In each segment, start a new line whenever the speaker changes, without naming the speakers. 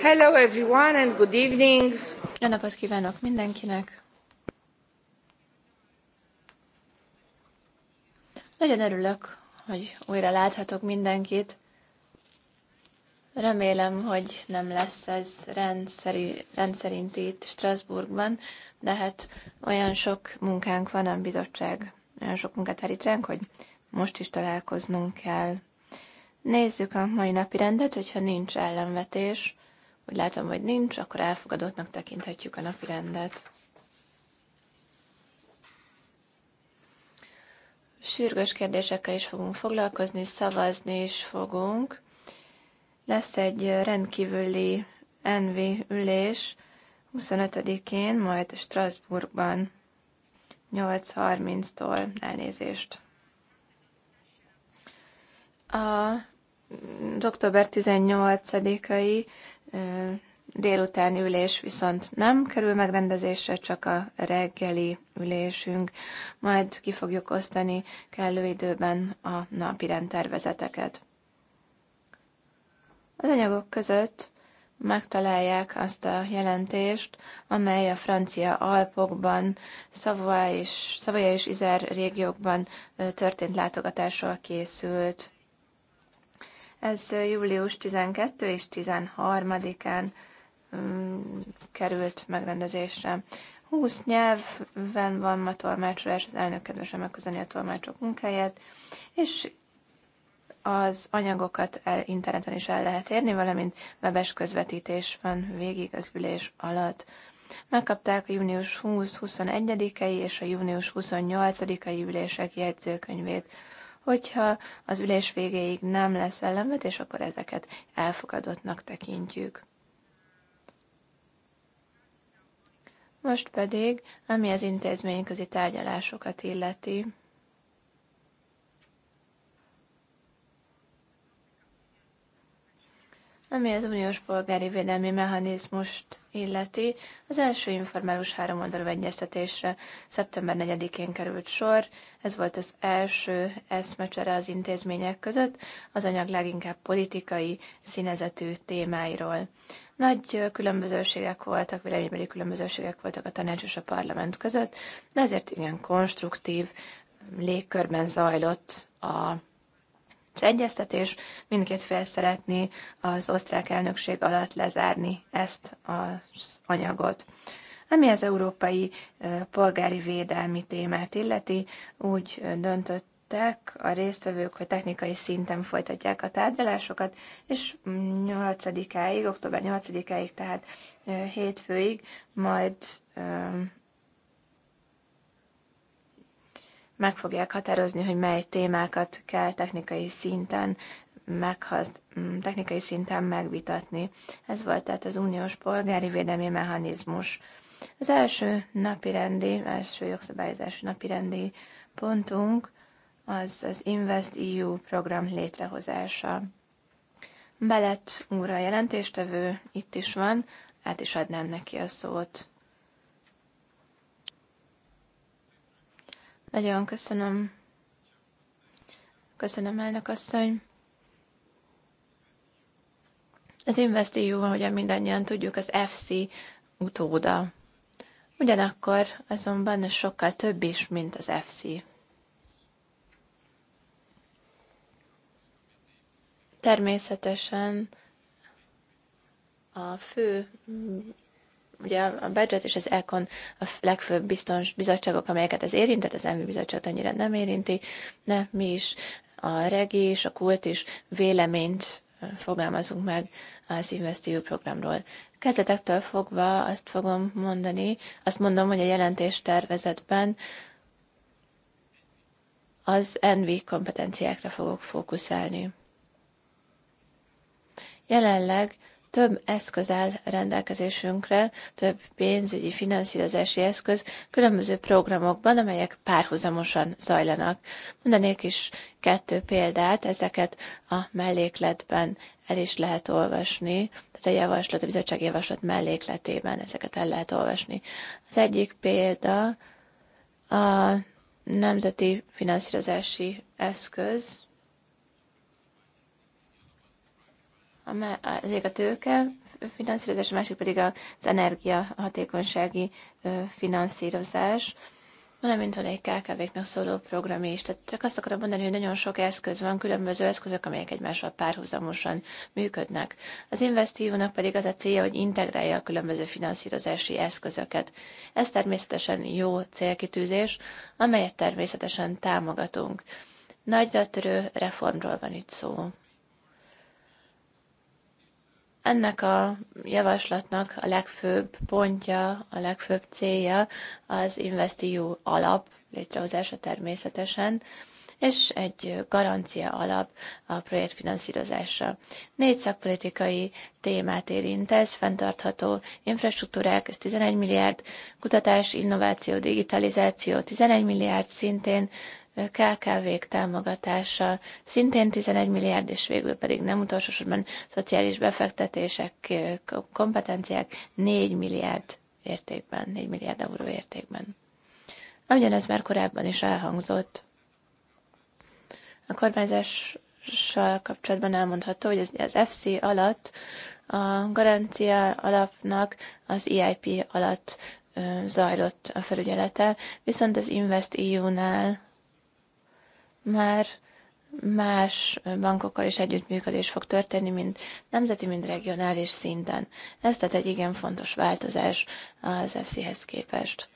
Hello everyone and good evening. Jó napot kívánok mindenkinek. Nagyon örülök, hogy újra láthatok mindenkit. Remélem, hogy nem lesz ez rendszeri, rendszerint itt Strasbourgban, de hát olyan sok munkánk van a bizottság, olyan sok munkát állít ránk, hogy most is találkoznunk kell Nézzük a mai napi rendet, hogyha nincs ellenvetés. Úgy látom, hogy nincs, akkor elfogadottnak tekinthetjük a napi rendet. Sürgős kérdésekkel is fogunk foglalkozni, szavazni is fogunk. Lesz egy rendkívüli envi ülés 25-én, majd Strasbourgban 8.30-tól elnézést. A az október 18-ai délutáni ülés viszont nem kerül megrendezésre, csak a reggeli ülésünk. Majd ki fogjuk osztani kellő időben a napi tervezeteket. Az anyagok között megtalálják azt a jelentést, amely a francia Alpokban, Szavoja és, Szavoya és Izer régiókban történt látogatásról készült. Ez július 12 és 13-án mm, került megrendezésre. 20 nyelven van ma tolmácsolás, az elnök kedvesen megközelni a tolmácsok munkáját, és az anyagokat el, interneten is el lehet érni, valamint webes közvetítés van végig az ülés alatt. Megkapták a június 20-21-ei és a június 28-ai ülések jegyzőkönyvét. Hogyha az ülés végéig nem lesz és akkor ezeket elfogadottnak tekintjük. Most pedig, ami az intézményközi tárgyalásokat illeti, Ami az uniós polgári védelmi mechanizmust illeti, az első informális háromoldalú egyeztetésre szeptember 4-én került sor. Ez volt az első eszmecsere az intézmények között, az anyag leginkább politikai színezetű témáiról. Nagy különbözőségek voltak, véleménybeli különbözőségek voltak a tanács és a parlament között, de ezért igen konstruktív légkörben zajlott a egyeztetés. Mindkét fél szeretné az osztrák elnökség alatt lezárni ezt az anyagot. Ami az európai polgári védelmi témát illeti, úgy döntött döntöttek a résztvevők, hogy technikai szinten folytatják a tárgyalásokat, és 8-áig, október 8-áig, tehát hétfőig majd meg fogják határozni, hogy mely témákat kell technikai szinten meghaz, mm, technikai szinten megvitatni. Ez volt tehát az uniós polgári védelmi mechanizmus. Az első napirendi, első jogszabályozási napirendi pontunk az az Invest EU program létrehozása. Belet úr a jelentéstevő itt is van, át is adnám neki a szót. Nagyon köszönöm. Köszönöm, elnök asszony. Az hogy ahogyan mindannyian tudjuk, az FC utóda. Ugyanakkor azonban ez sokkal több is, mint az FC. Természetesen a fő ugye a budget és az ECON a legfőbb biztons, bizottságok, amelyeket ez érintett, az ENVI bizottságot annyira nem érinti, de mi is a regi és a kult is véleményt fogalmazunk meg az InvestEU programról. Kezdetektől fogva azt fogom mondani, azt mondom, hogy a jelentés tervezetben az NV kompetenciákra fogok fókuszálni. Jelenleg több eszköz áll rendelkezésünkre, több pénzügyi finanszírozási eszköz különböző programokban, amelyek párhuzamosan zajlanak. Mondanék is kettő példát, ezeket a mellékletben el is lehet olvasni, tehát a javaslat, a bizottság javaslat mellékletében ezeket el lehet olvasni. Az egyik példa a nemzeti finanszírozási eszköz, az egyik a tőke finanszírozás, a másik pedig az energia hatékonysági finanszírozás, valamint van egy KKV-knak szóló program is. Tehát csak azt akarom mondani, hogy nagyon sok eszköz van, különböző eszközök, amelyek egymással párhuzamosan működnek. Az investívónak pedig az a célja, hogy integrálja a különböző finanszírozási eszközöket. Ez természetesen jó célkitűzés, amelyet természetesen támogatunk. Nagyra törő reformról van itt szó. Ennek a javaslatnak a legfőbb pontja, a legfőbb célja az InvestEU alap létrehozása természetesen, és egy garancia alap a projektfinanszírozásra. Négy szakpolitikai témát érint ez, fenntartható infrastruktúrák, ez 11 milliárd, kutatás, innováció, digitalizáció, 11 milliárd szintén, KKV-k támogatása, szintén 11 milliárd, és végül pedig nem utolsó sorban szociális befektetések, kompetenciák 4 milliárd értékben, 4 milliárd euró értékben. Ugyanez már korábban is elhangzott. A kormányzással kapcsolatban elmondható, hogy az FC alatt a garancia alapnak az EIP alatt zajlott a felügyelete, viszont az Invest EU-nál már más bankokkal is együttműködés fog történni, mind nemzeti, mind regionális szinten. Ez tehát egy igen fontos változás az FC-hez képest.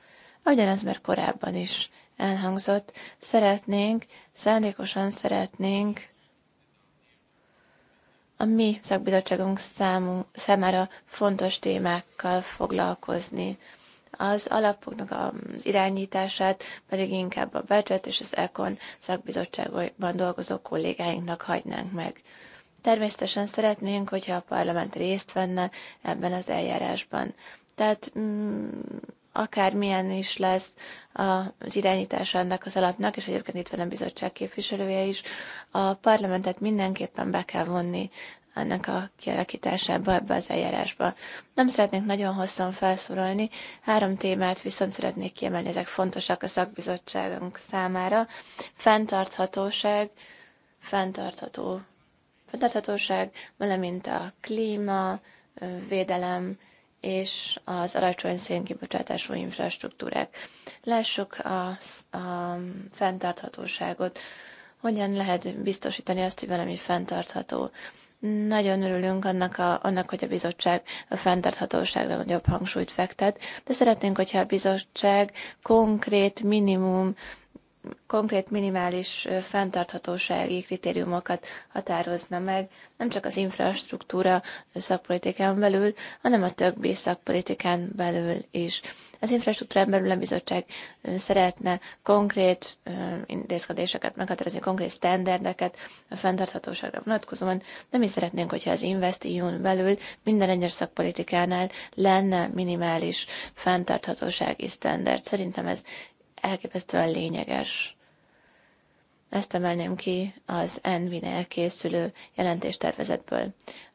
Ugyanez már korábban is elhangzott, szeretnénk, szándékosan szeretnénk a mi szakbizottságunk számára fontos témákkal foglalkozni az alapoknak az irányítását pedig inkább a Becsöt és az Ekon szakbizottságban dolgozó kollégáinknak hagynánk meg. Természetesen szeretnénk, hogyha a parlament részt venne ebben az eljárásban. Tehát mm, akármilyen is lesz az irányítása ennek az alapnak, és egyébként itt van a bizottság képviselője is, a parlamentet mindenképpen be kell vonni ennek a kialakításába, ebbe az eljárásba. Nem szeretnék nagyon hosszan felszólalni, három témát viszont szeretnék kiemelni, ezek fontosak a szakbizottságunk számára. Fenntarthatóság, fenntartható, fenntarthatóság, valamint a klíma, védelem, és az alacsony szénkibocsátású infrastruktúrák. Lássuk a, a fenntarthatóságot. Hogyan lehet biztosítani azt, hogy valami fenntartható? Nagyon örülünk annak, a, annak, hogy a bizottság a fenntarthatóságra nagyobb hangsúlyt fektet, de szeretnénk, hogyha a bizottság konkrét minimum, konkrét minimális fenntarthatósági kritériumokat határozna meg, nem csak az infrastruktúra szakpolitikán belül, hanem a többi szakpolitikán belül is. Az infrastruktúrán belül a bizottság szeretne konkrét intézkedéseket meghatározni, konkrét sztenderdeket a fenntarthatóságra vonatkozóan. Nem is szeretnénk, hogyha az InvestEU-n belül minden egyes szakpolitikánál lenne minimális fenntarthatósági sztenderd. Szerintem ez elképesztően lényeges. Ezt emelném ki az envi elkészülő készülő jelentéstervezetből.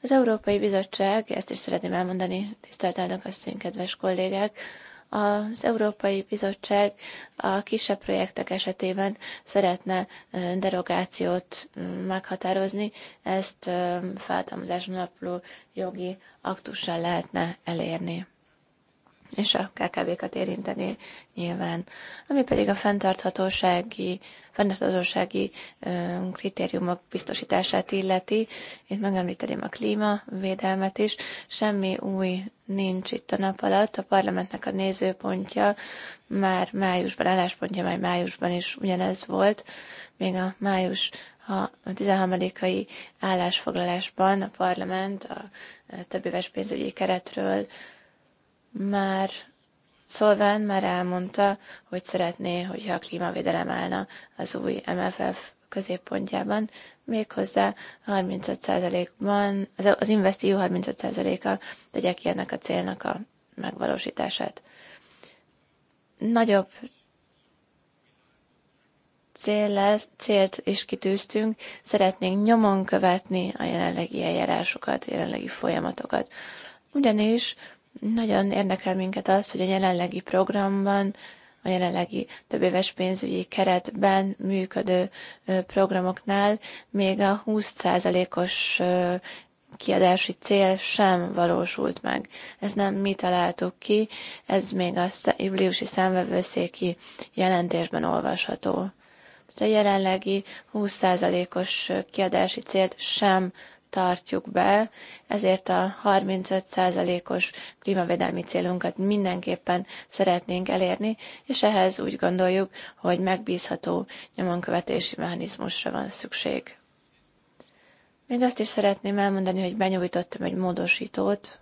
Az Európai Bizottság, ezt is szeretném elmondani, tisztelt elnök asszony, kedves kollégák, az Európai Bizottság a kisebb projektek esetében szeretne derogációt meghatározni, ezt feltámadáson jogi aktussal lehetne elérni és a KKV-kat érinteni nyilván. Ami pedig a fenntarthatósági, fenntarthatósági kritériumok biztosítását illeti, itt megemlíteném a klímavédelmet is, semmi új nincs itt a nap alatt, a parlamentnek a nézőpontja már májusban, álláspontja már májusban is ugyanez volt, még a május a 13. állásfoglalásban a parlament a többéves pénzügyi keretről már Szolván már elmondta, hogy szeretné, hogyha a klímavédelem állna az új MFF középpontjában, méghozzá 35%-ban, az, az investíció 35%-a tegye ki ennek a célnak a megvalósítását. Nagyobb cél lesz, célt is kitűztünk, szeretnénk nyomon követni a jelenlegi eljárásokat, a jelenlegi folyamatokat. Ugyanis nagyon érdekel minket az, hogy a jelenlegi programban, a jelenlegi éves pénzügyi keretben működő programoknál még a 20%-os kiadási cél sem valósult meg. Ez nem mi találtuk ki, ez még a júliusi számvevőszéki jelentésben olvasható. A jelenlegi 20%-os kiadási célt sem tartjuk be, ezért a 35%-os klímavédelmi célunkat mindenképpen szeretnénk elérni, és ehhez úgy gondoljuk, hogy megbízható nyomonkövetési mechanizmusra van szükség. Még azt is szeretném elmondani, hogy benyújtottam egy módosítót,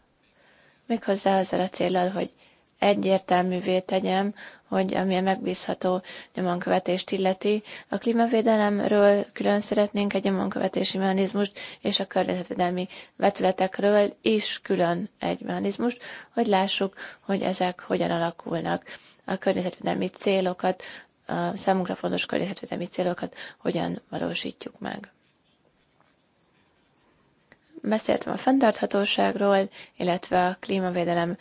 méghozzá azzal a célral, hogy egyértelművé tegyem, hogy ami a megbízható nyomonkövetést illeti, a klímavédelemről külön szeretnénk egy nyomonkövetési mechanizmust, és a környezetvédelmi vetületekről is külön egy mechanizmust, hogy lássuk, hogy ezek hogyan alakulnak. A környezetvédelmi célokat, a számunkra fontos környezetvédelmi célokat hogyan valósítjuk meg beszéltem a fenntarthatóságról, illetve a klímavédelem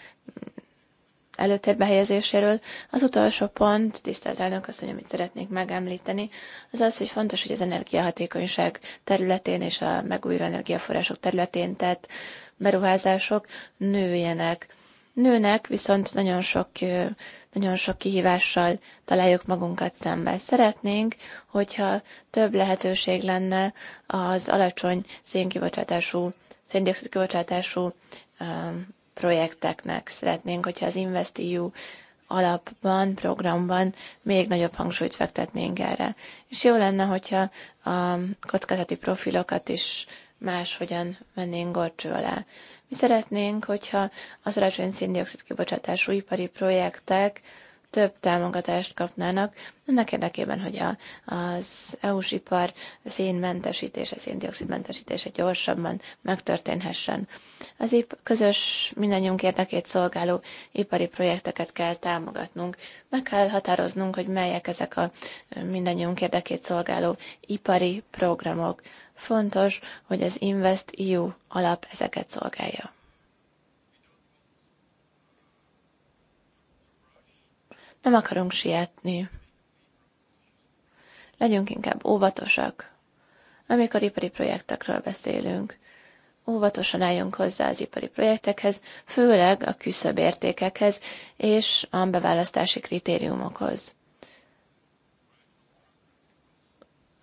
előtérbe helyezéséről. Az utolsó pont, tisztelt elnök asszony, amit szeretnék megemlíteni, az az, hogy fontos, hogy az energiahatékonyság területén és a megújuló energiaforrások területén tett beruházások nőjenek. Nőnek, viszont nagyon sok, nagyon sok kihívással találjuk magunkat szembe. Szeretnénk, hogyha több lehetőség lenne az alacsony szénkibocsátású, széndiokszid kibocsátású projekteknek. Szeretnénk, hogyha az InvestEU alapban, programban még nagyobb hangsúlyt fektetnénk erre. És jó lenne, hogyha a kockázati profilokat is máshogyan vennénk gorcső alá. Mi szeretnénk, hogyha az alacsony széndiokszid kibocsátású ipari projektek több támogatást kapnának, annak érdekében, hogy a, az EU-s ipar szénmentesítése, széndiokszidmentesítése gyorsabban megtörténhessen. Az ip- közös mindannyiunk érdekét szolgáló ipari projekteket kell támogatnunk. Meg kell határoznunk, hogy melyek ezek a mindannyiunk érdekét szolgáló ipari programok. Fontos, hogy az Invest EU alap ezeket szolgálja. Nem akarunk sietni. Legyünk inkább óvatosak, amikor ipari projektekről beszélünk. Óvatosan álljunk hozzá az ipari projektekhez, főleg a küszöbb értékekhez és a beválasztási kritériumokhoz.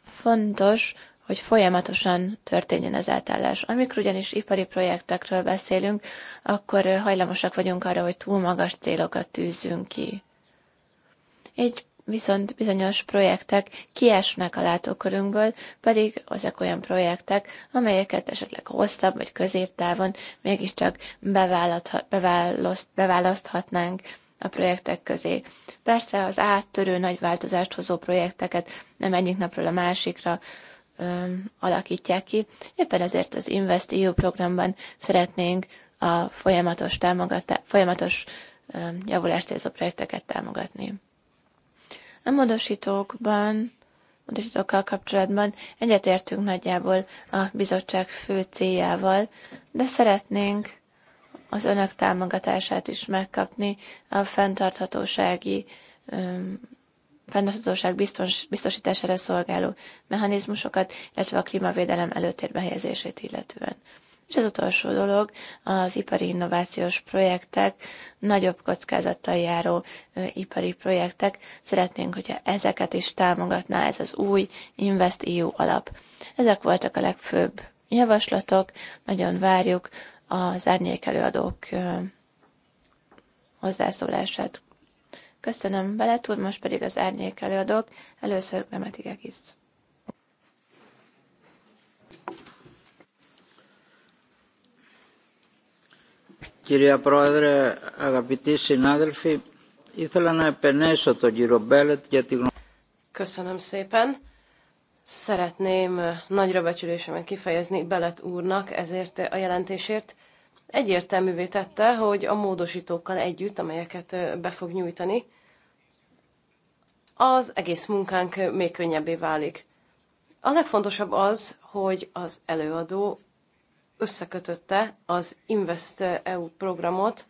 Fontos, hogy folyamatosan történjen az átállás. Amikor ugyanis ipari projektekről beszélünk, akkor hajlamosak vagyunk arra, hogy túl magas célokat tűzzünk ki. Így viszont bizonyos projektek kiesnek a látókörünkből, pedig ezek olyan projektek, amelyeket esetleg hosszabb vagy középtávon mégiscsak beválaszthatnánk a projektek közé. Persze az áttörő nagy változást hozó projekteket nem egyik napról a másikra ö, alakítják ki, éppen ezért az InvestEU programban szeretnénk a folyamatos, támogatá- folyamatos öm, javulást érző projekteket támogatni. A módosítókban, módosítókkal kapcsolatban egyetértünk nagyjából a bizottság fő céljával, de szeretnénk az önök támogatását is megkapni a fenntarthatósági fenntarthatóság biztons, biztosítására szolgáló mechanizmusokat, illetve a klímavédelem előtérbe helyezését illetően. És az utolsó dolog az ipari innovációs projektek, nagyobb kockázattal járó ipari projektek. Szeretnénk, hogyha ezeket is támogatná ez az új InvestEU alap. Ezek voltak a legfőbb javaslatok, nagyon várjuk az árnyék előadók hozzászólását. Köszönöm, Beletúr, most pedig az árnyék előadók, először Gramatigekis. Κυρία Πρόεδρε, αγαπητοί συνάδελφοι, ήθελα να επενέσω τον κύριο Μπέλετ για τη γνώμη.
Köszönöm szépen. Szeretném nagyra becsülésemet kifejezni Belet úrnak ezért a jelentésért. Egyértelművé tette, hogy a módosítókkal együtt, amelyeket be fog nyújtani, az egész munkánk még könnyebbé válik. A legfontosabb az, hogy az előadó összekötötte az Invest EU programot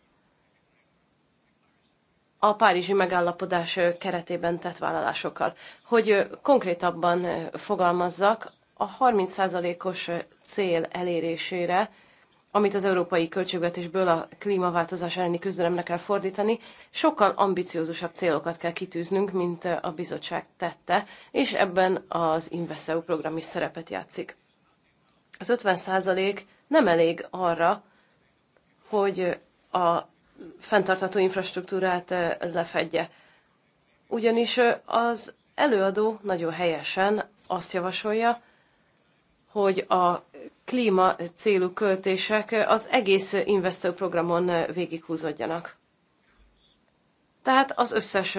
a párizsi megállapodás keretében tett vállalásokkal. Hogy konkrétabban fogalmazzak, a 30%-os cél elérésére, amit az európai költségvetésből a klímaváltozás elleni küzdelemre kell fordítani, sokkal ambiciózusabb célokat kell kitűznünk, mint a bizottság tette, és ebben az InvestEU program is szerepet játszik az 50 százalék nem elég arra, hogy a fenntartató infrastruktúrát lefedje. Ugyanis az előadó nagyon helyesen azt javasolja, hogy a klíma célú költések az egész investor végighúzódjanak. Tehát az összes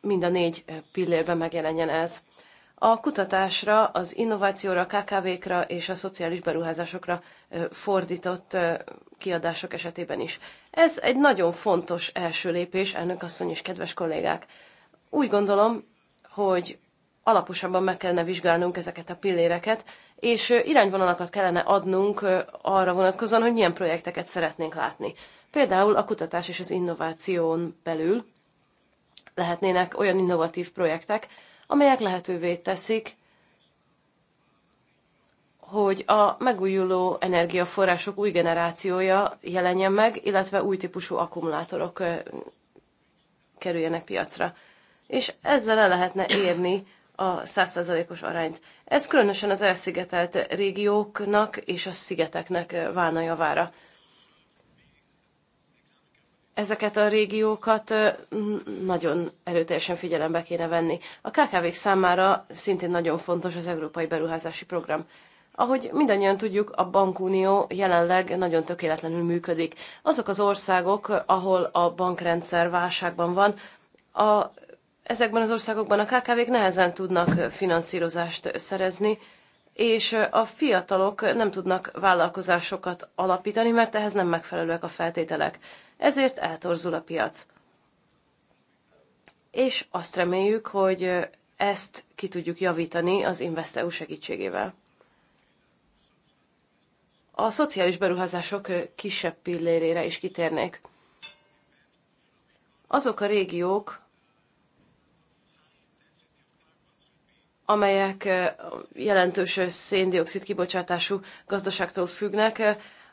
mind a négy pillérben megjelenjen ez a kutatásra, az innovációra, a KKV-kra és a szociális beruházásokra fordított kiadások esetében is. Ez egy nagyon fontos első lépés, elnök asszony és kedves kollégák. Úgy gondolom, hogy alaposabban meg kellene vizsgálnunk ezeket a pilléreket, és irányvonalakat kellene adnunk arra vonatkozóan, hogy milyen projekteket szeretnénk látni. Például a kutatás és az innováción belül lehetnének olyan innovatív projektek, amelyek lehetővé teszik, hogy a megújuló energiaforrások új generációja jelenjen meg, illetve új típusú akkumulátorok kerüljenek piacra. És ezzel el lehetne érni a 100%-os arányt. Ez különösen az elszigetelt régióknak és a szigeteknek válna javára ezeket a régiókat nagyon erőteljesen figyelembe kéne venni. A KKV-k számára szintén nagyon fontos az Európai Beruházási Program. Ahogy mindannyian tudjuk, a bankunió jelenleg nagyon tökéletlenül működik. Azok az országok, ahol a bankrendszer válságban van, a, ezekben az országokban a KKV-k nehezen tudnak finanszírozást szerezni, és a fiatalok nem tudnak vállalkozásokat alapítani, mert ehhez nem megfelelőek a feltételek. Ezért eltorzul a piac. És azt reméljük, hogy ezt ki tudjuk javítani az InvestEU segítségével. A szociális beruházások kisebb pillérére is kitérnék. Azok a régiók, amelyek jelentős széndiokszid kibocsátású gazdaságtól függnek,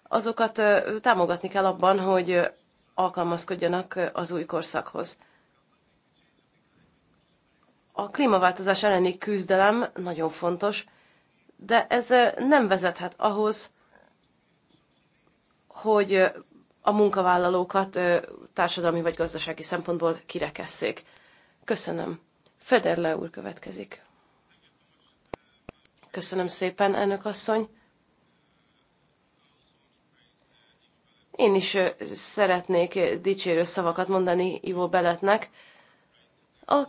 azokat támogatni kell abban, hogy alkalmazkodjanak az új korszakhoz. A klímaváltozás elleni küzdelem nagyon fontos, de ez nem vezethet ahhoz, hogy a munkavállalókat társadalmi vagy gazdasági szempontból kirekesszék. Köszönöm. Federle úr következik. Köszönöm szépen, elnök asszony. Én is szeretnék dicsérő szavakat mondani Ivo Beletnek. A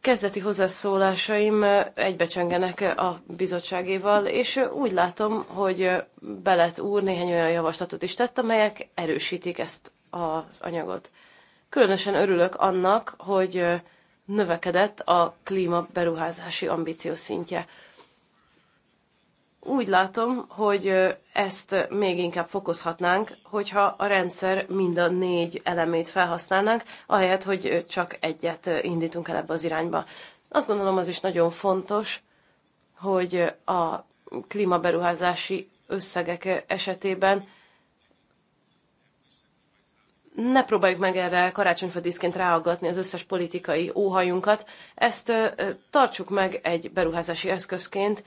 kezdeti hozzászólásaim egybecsengenek a bizottságéval, és úgy látom, hogy Belet úr néhány olyan javaslatot is tett, amelyek erősítik ezt az anyagot. Különösen örülök annak, hogy növekedett a klíma beruházási ambíció szintje. Úgy látom, hogy ezt még inkább fokozhatnánk, hogyha a rendszer mind a négy elemét felhasználnánk, ahelyett, hogy csak egyet indítunk el ebbe az irányba. Azt gondolom, az is nagyon fontos, hogy a klímaberuházási összegek esetében ne próbáljuk meg erre karácsonyfödíszként ráaggatni az összes politikai óhajunkat, ezt tartsuk meg egy beruházási eszközként,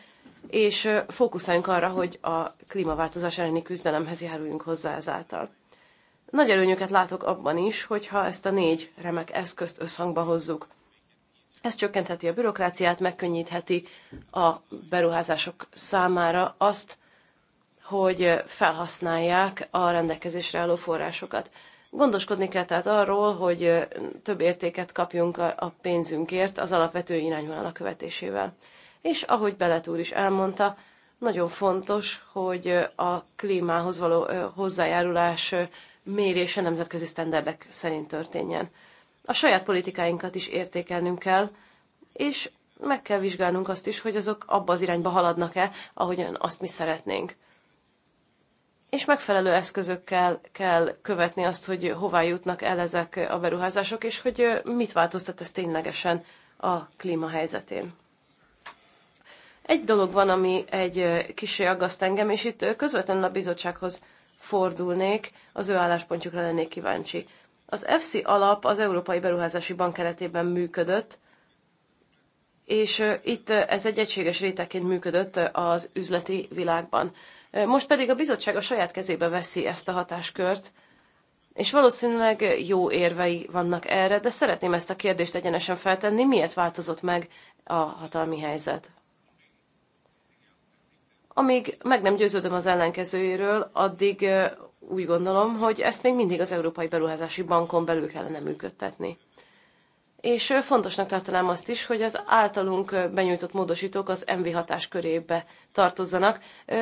és fókuszáljunk arra, hogy a klímaváltozás elleni küzdelemhez járuljunk hozzá ezáltal. Nagy előnyöket látok abban is, hogyha ezt a négy remek eszközt összhangba hozzuk. Ez csökkentheti a bürokráciát, megkönnyítheti a beruházások számára azt, hogy felhasználják a rendelkezésre álló forrásokat. Gondoskodni kell tehát arról, hogy több értéket kapjunk a pénzünkért az alapvető irányvonal követésével és ahogy Belet úr is elmondta, nagyon fontos, hogy a klímához való hozzájárulás mérése nemzetközi sztenderdek szerint történjen. A saját politikáinkat is értékelnünk kell, és meg kell vizsgálnunk azt is, hogy azok abba az irányba haladnak-e, ahogyan azt mi szeretnénk. És megfelelő eszközökkel kell követni azt, hogy hová jutnak el ezek a beruházások, és hogy mit változtat ez ténylegesen a klímahelyzetén. Egy dolog van, ami egy kicsi aggaszt engem, és itt közvetlenül a bizottsághoz fordulnék, az ő álláspontjukra lennék kíváncsi. Az FC alap az Európai Beruházási Bank keretében működött, és itt ez egy egységes rétegként működött az üzleti világban. Most pedig a bizottság a saját kezébe veszi ezt a hatáskört, és valószínűleg jó érvei vannak erre, de szeretném ezt a kérdést egyenesen feltenni, miért változott meg a hatalmi helyzet? Amíg meg nem győződöm az ellenkezőjéről, addig úgy gondolom, hogy ezt még mindig az Európai Beruházási Bankon belül kellene működtetni és fontosnak tartanám azt is, hogy az általunk benyújtott módosítók az MV hatás körébe tartozzanak.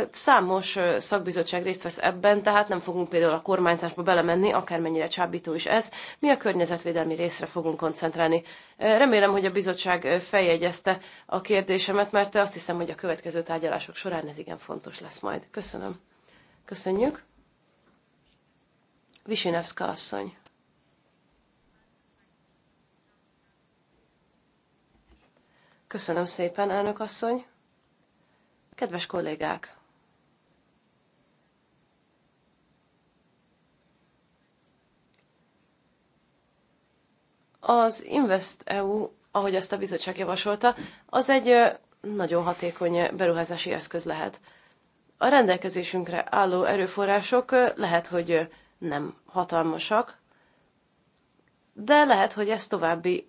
Számos szakbizottság részt vesz ebben, tehát nem fogunk például a kormányzásba belemenni, akármennyire csábító is ez. Mi a környezetvédelmi részre fogunk koncentrálni. Remélem, hogy a bizottság feljegyezte a kérdésemet, mert azt hiszem, hogy a következő tárgyalások során ez igen fontos lesz majd. Köszönöm. Köszönjük. Visinevska asszony. Köszönöm szépen, elnök asszony. Kedves kollégák! Az invest EU, ahogy ezt a bizottság javasolta, az egy nagyon hatékony beruházási eszköz lehet. A rendelkezésünkre álló erőforrások lehet, hogy nem hatalmasak, de lehet, hogy ez további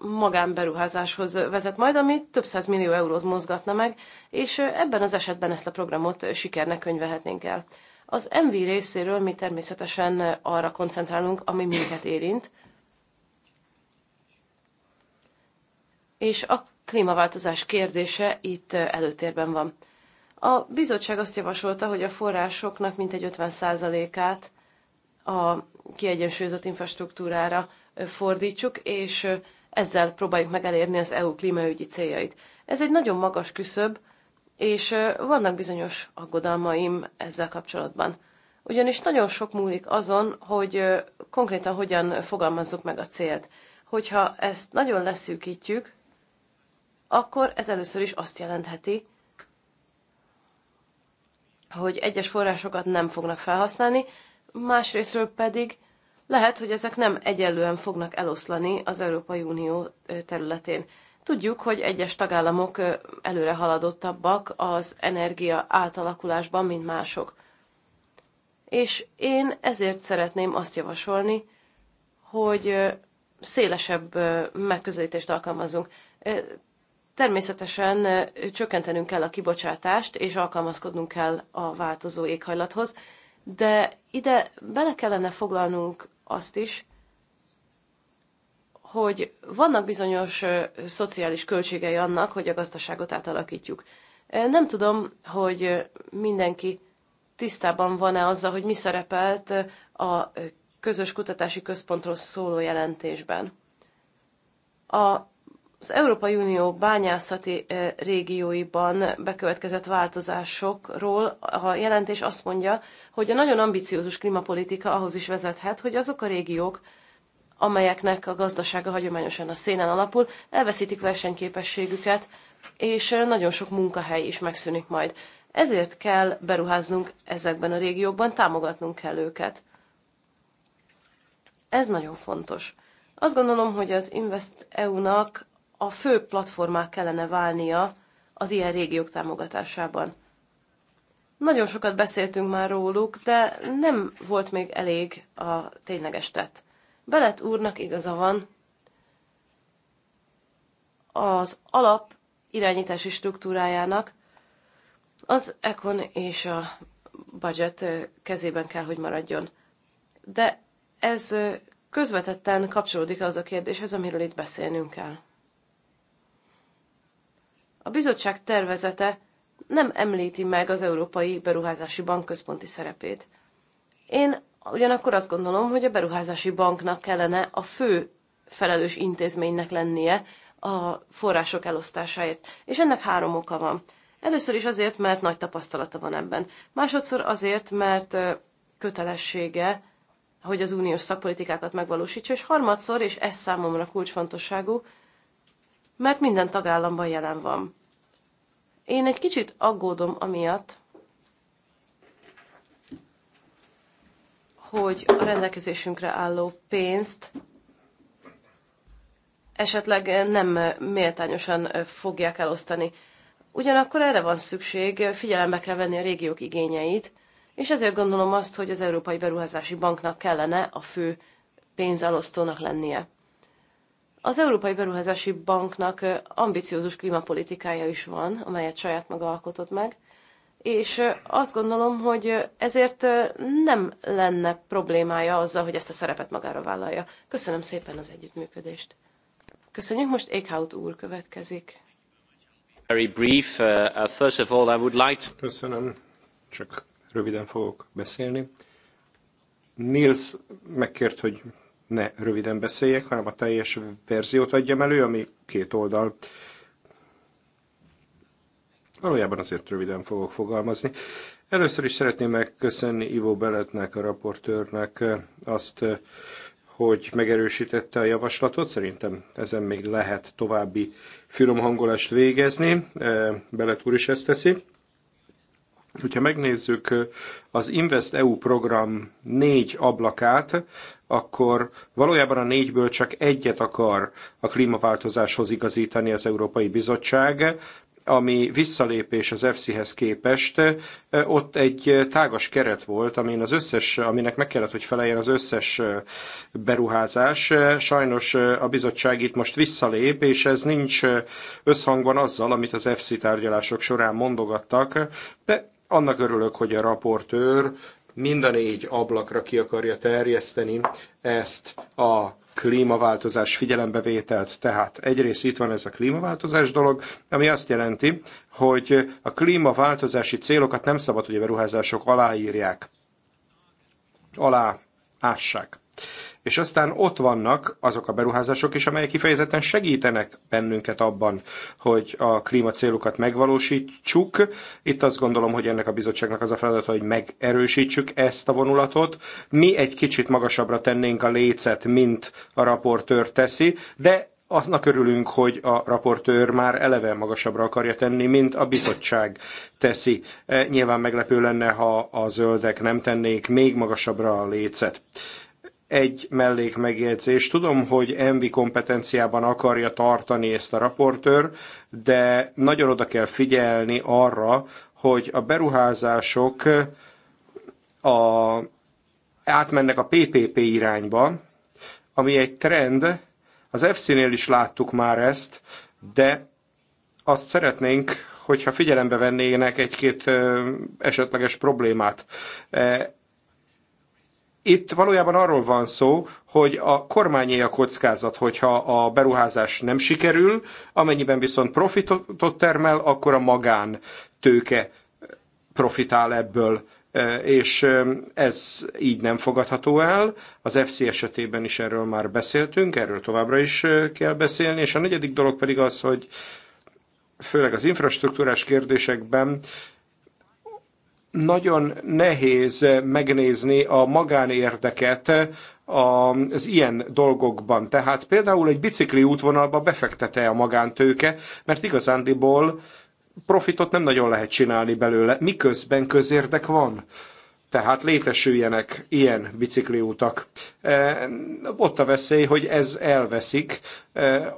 magánberuházáshoz vezet majd, ami több száz millió eurót mozgatna meg, és ebben az esetben ezt a programot sikernek könyvehetnénk el. Az MV részéről mi természetesen arra koncentrálunk, ami minket érint, és a klímaváltozás kérdése itt előtérben van. A bizottság azt javasolta, hogy a forrásoknak mintegy 50%-át a kiegyensúlyozott infrastruktúrára fordítsuk, és ezzel próbáljuk meg elérni az EU klímaügyi céljait. Ez egy nagyon magas küszöb, és vannak bizonyos aggodalmaim ezzel kapcsolatban. Ugyanis nagyon sok múlik azon, hogy konkrétan hogyan fogalmazzuk meg a célt. Hogyha ezt nagyon leszűkítjük, akkor ez először is azt jelentheti, hogy egyes forrásokat nem fognak felhasználni, másrésztről pedig lehet, hogy ezek nem egyenlően fognak eloszlani az Európai Unió területén. Tudjuk, hogy egyes tagállamok előre haladottabbak az energia átalakulásban, mint mások. És én ezért szeretném azt javasolni, hogy szélesebb megközelítést alkalmazunk. Természetesen csökkentenünk kell a kibocsátást, és alkalmazkodnunk kell a változó éghajlathoz, de ide bele kellene foglalnunk azt is, hogy vannak bizonyos szociális költségei annak, hogy a gazdaságot átalakítjuk. Nem tudom, hogy mindenki tisztában van-e azzal, hogy mi szerepelt a közös kutatási központról szóló jelentésben. A az Európai Unió bányászati régióiban bekövetkezett változásokról a jelentés azt mondja, hogy a nagyon ambiciózus klímapolitika ahhoz is vezethet, hogy azok a régiók, amelyeknek a gazdasága hagyományosan a szénen alapul, elveszítik versenyképességüket, és nagyon sok munkahely is megszűnik majd. Ezért kell beruháznunk ezekben a régiókban, támogatnunk kell őket. Ez nagyon fontos. Azt gondolom, hogy az Invest EU-nak a fő platformá kellene válnia az ilyen régiók támogatásában. Nagyon sokat beszéltünk már róluk, de nem volt még elég a tényleges tett. Belet úrnak igaza van, az alap irányítási struktúrájának az Econ és a budget kezében kell, hogy maradjon. De ez közvetetten kapcsolódik az a kérdéshez, amiről itt beszélnünk kell. A bizottság tervezete nem említi meg az Európai Beruházási Bank központi szerepét. Én ugyanakkor azt gondolom, hogy a Beruházási Banknak kellene a fő felelős intézménynek lennie a források elosztásáért, és ennek három oka van. Először is azért, mert nagy tapasztalata van ebben. Másodszor azért, mert kötelessége, hogy az uniós szakpolitikákat megvalósítsa, és harmadszor, és ez számomra kulcsfontosságú, mert minden tagállamban jelen van. Én egy kicsit aggódom amiatt, hogy a rendelkezésünkre álló pénzt esetleg nem méltányosan fogják elosztani. Ugyanakkor erre van szükség, figyelembe kell venni a régiók igényeit, és ezért gondolom azt, hogy az Európai Beruházási Banknak kellene a fő pénzelosztónak lennie. Az Európai Beruházási Banknak ambiciózus klímapolitikája is van, amelyet saját maga alkotott meg, és azt gondolom, hogy ezért nem lenne problémája azzal, hogy ezt a szerepet magára vállalja. Köszönöm szépen az együttműködést. Köszönjük, most Ékhaut úr következik.
Very brief. Uh, uh, first of all, I would like to... Köszönöm, csak röviden fogok beszélni. Nils megkért, hogy ne röviden beszéljek, hanem a teljes verziót adjam elő, ami két oldal. Valójában azért röviden fogok fogalmazni. Először is szeretném megköszönni Ivo Beletnek, a raportőrnek azt, hogy megerősítette a javaslatot. Szerintem ezen még lehet további finomhangolást végezni. Belet úr is ezt teszi. Hogyha megnézzük az Invest EU program négy ablakát, akkor valójában a négyből csak egyet akar a klímaváltozáshoz igazítani az Európai Bizottság, ami visszalépés az EFSI-hez képest, ott egy tágas keret volt, amin az összes, aminek meg kellett, hogy feleljen az összes beruházás. Sajnos a bizottság itt most visszalép, és ez nincs összhangban azzal, amit az EFSI tárgyalások során mondogattak, de annak örülök, hogy a raportőr mind a négy ablakra ki akarja terjeszteni ezt a klímaváltozás figyelembevételt. Tehát egyrészt itt van ez a klímaváltozás dolog, ami azt jelenti, hogy a klímaváltozási célokat nem szabad, hogy a beruházások aláírják, alá ássák. És aztán ott vannak azok a beruházások is, amelyek kifejezetten segítenek bennünket abban, hogy a klímacélokat megvalósítsuk. Itt azt gondolom, hogy ennek a bizottságnak az a feladata, hogy megerősítsük ezt a vonulatot. Mi egy kicsit magasabbra tennénk a lécet, mint a raportőr teszi, de aznak örülünk, hogy a raportőr már eleve magasabbra akarja tenni, mint a bizottság teszi. E, nyilván meglepő lenne, ha a zöldek nem tennék még magasabbra a lécet egy mellékmegjegyzés. Tudom, hogy Envi kompetenciában akarja tartani ezt a raportőr, de nagyon oda kell figyelni arra, hogy a beruházások a, átmennek a PPP irányba, ami egy trend, az FC-nél is láttuk már ezt, de azt szeretnénk, hogyha figyelembe vennének egy-két esetleges problémát. Itt valójában arról van szó, hogy a kormányé a kockázat, hogyha a beruházás nem sikerül, amennyiben viszont profitot termel, akkor a magán tőke profitál ebből és ez így nem fogadható el. Az FC esetében is erről már beszéltünk, erről továbbra is kell beszélni, és a negyedik dolog pedig az, hogy főleg az infrastruktúrás kérdésekben nagyon nehéz megnézni a magánérdeket az ilyen dolgokban. Tehát például egy bicikli útvonalba befektete a magántőke, mert igazándiból profitot nem nagyon lehet csinálni belőle, miközben közérdek van. Tehát létesüljenek ilyen bicikliutak. E, ott a veszély, hogy ez elveszik e,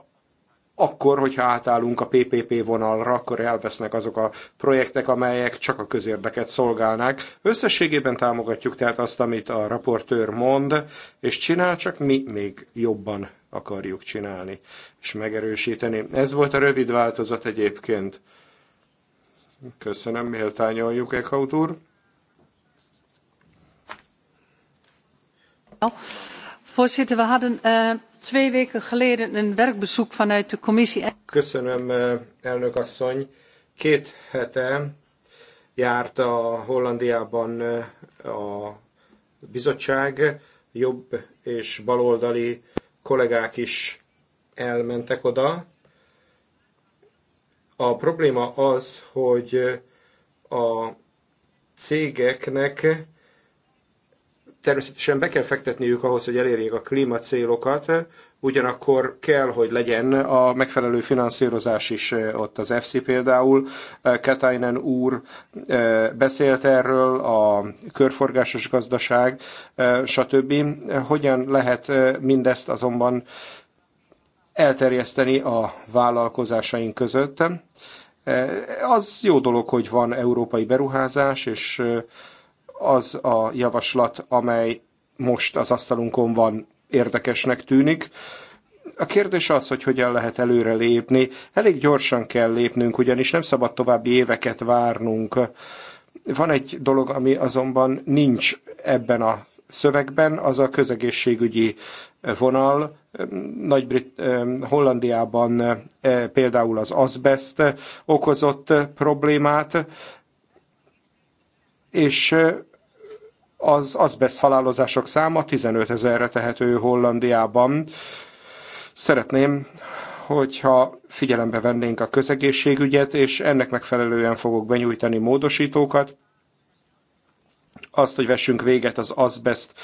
akkor, hogyha átállunk a PPP vonalra, akkor elvesznek azok a projektek, amelyek csak a közérdeket szolgálnák. Összességében támogatjuk tehát azt, amit a raportőr mond, és csinál, csak mi még jobban akarjuk csinálni és megerősíteni. Ez volt a rövid változat egyébként. Köszönöm, méltányoljuk, Eckhout úr.
Oh. Voorzitter, we hadden uh, twee weken geleden een werkbezoek vanuit de commissie.
Köszönöm, eh, elnök asszony. Két hete járt a Hollandiában eh, a bizottság, jobb és baloldali kollégák is elmentek oda. A probléma az, hogy a cégeknek természetesen be kell fektetniük ahhoz, hogy elérjék a klímacélokat, ugyanakkor kell, hogy legyen a megfelelő finanszírozás is ott az FC például. Katainen úr beszélt erről, a körforgásos gazdaság, stb. Hogyan lehet mindezt azonban elterjeszteni a vállalkozásaink között? Az jó dolog, hogy van európai beruházás, és az a javaslat, amely most az asztalunkon van, érdekesnek tűnik. A kérdés az, hogy hogyan lehet előre lépni. Elég gyorsan kell lépnünk, ugyanis nem szabad további éveket várnunk. Van egy dolog, ami azonban nincs ebben a szövegben, az a közegészségügyi vonal. Nagy-Brit Hollandiában például az azbest okozott problémát, és az azbesz halálozások száma 15 ezerre tehető Hollandiában. Szeretném, hogyha figyelembe vennénk a közegészségügyet, és ennek megfelelően fogok benyújtani módosítókat. Azt, hogy vessünk véget az azbest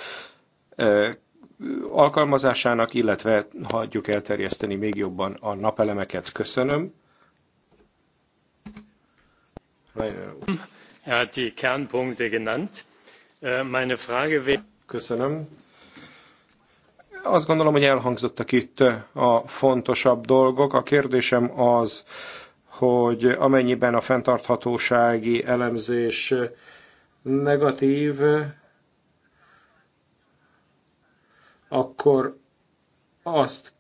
alkalmazásának, illetve hagyjuk elterjeszteni még jobban a napelemeket. Köszönöm. Er hat die Kernpunkte genannt. Meine Frage Köszönöm. Azt gondolom, hogy elhangzottak itt a fontosabb dolgok. A kérdésem az, hogy amennyiben a fenntarthatósági elemzés negatív, akkor azt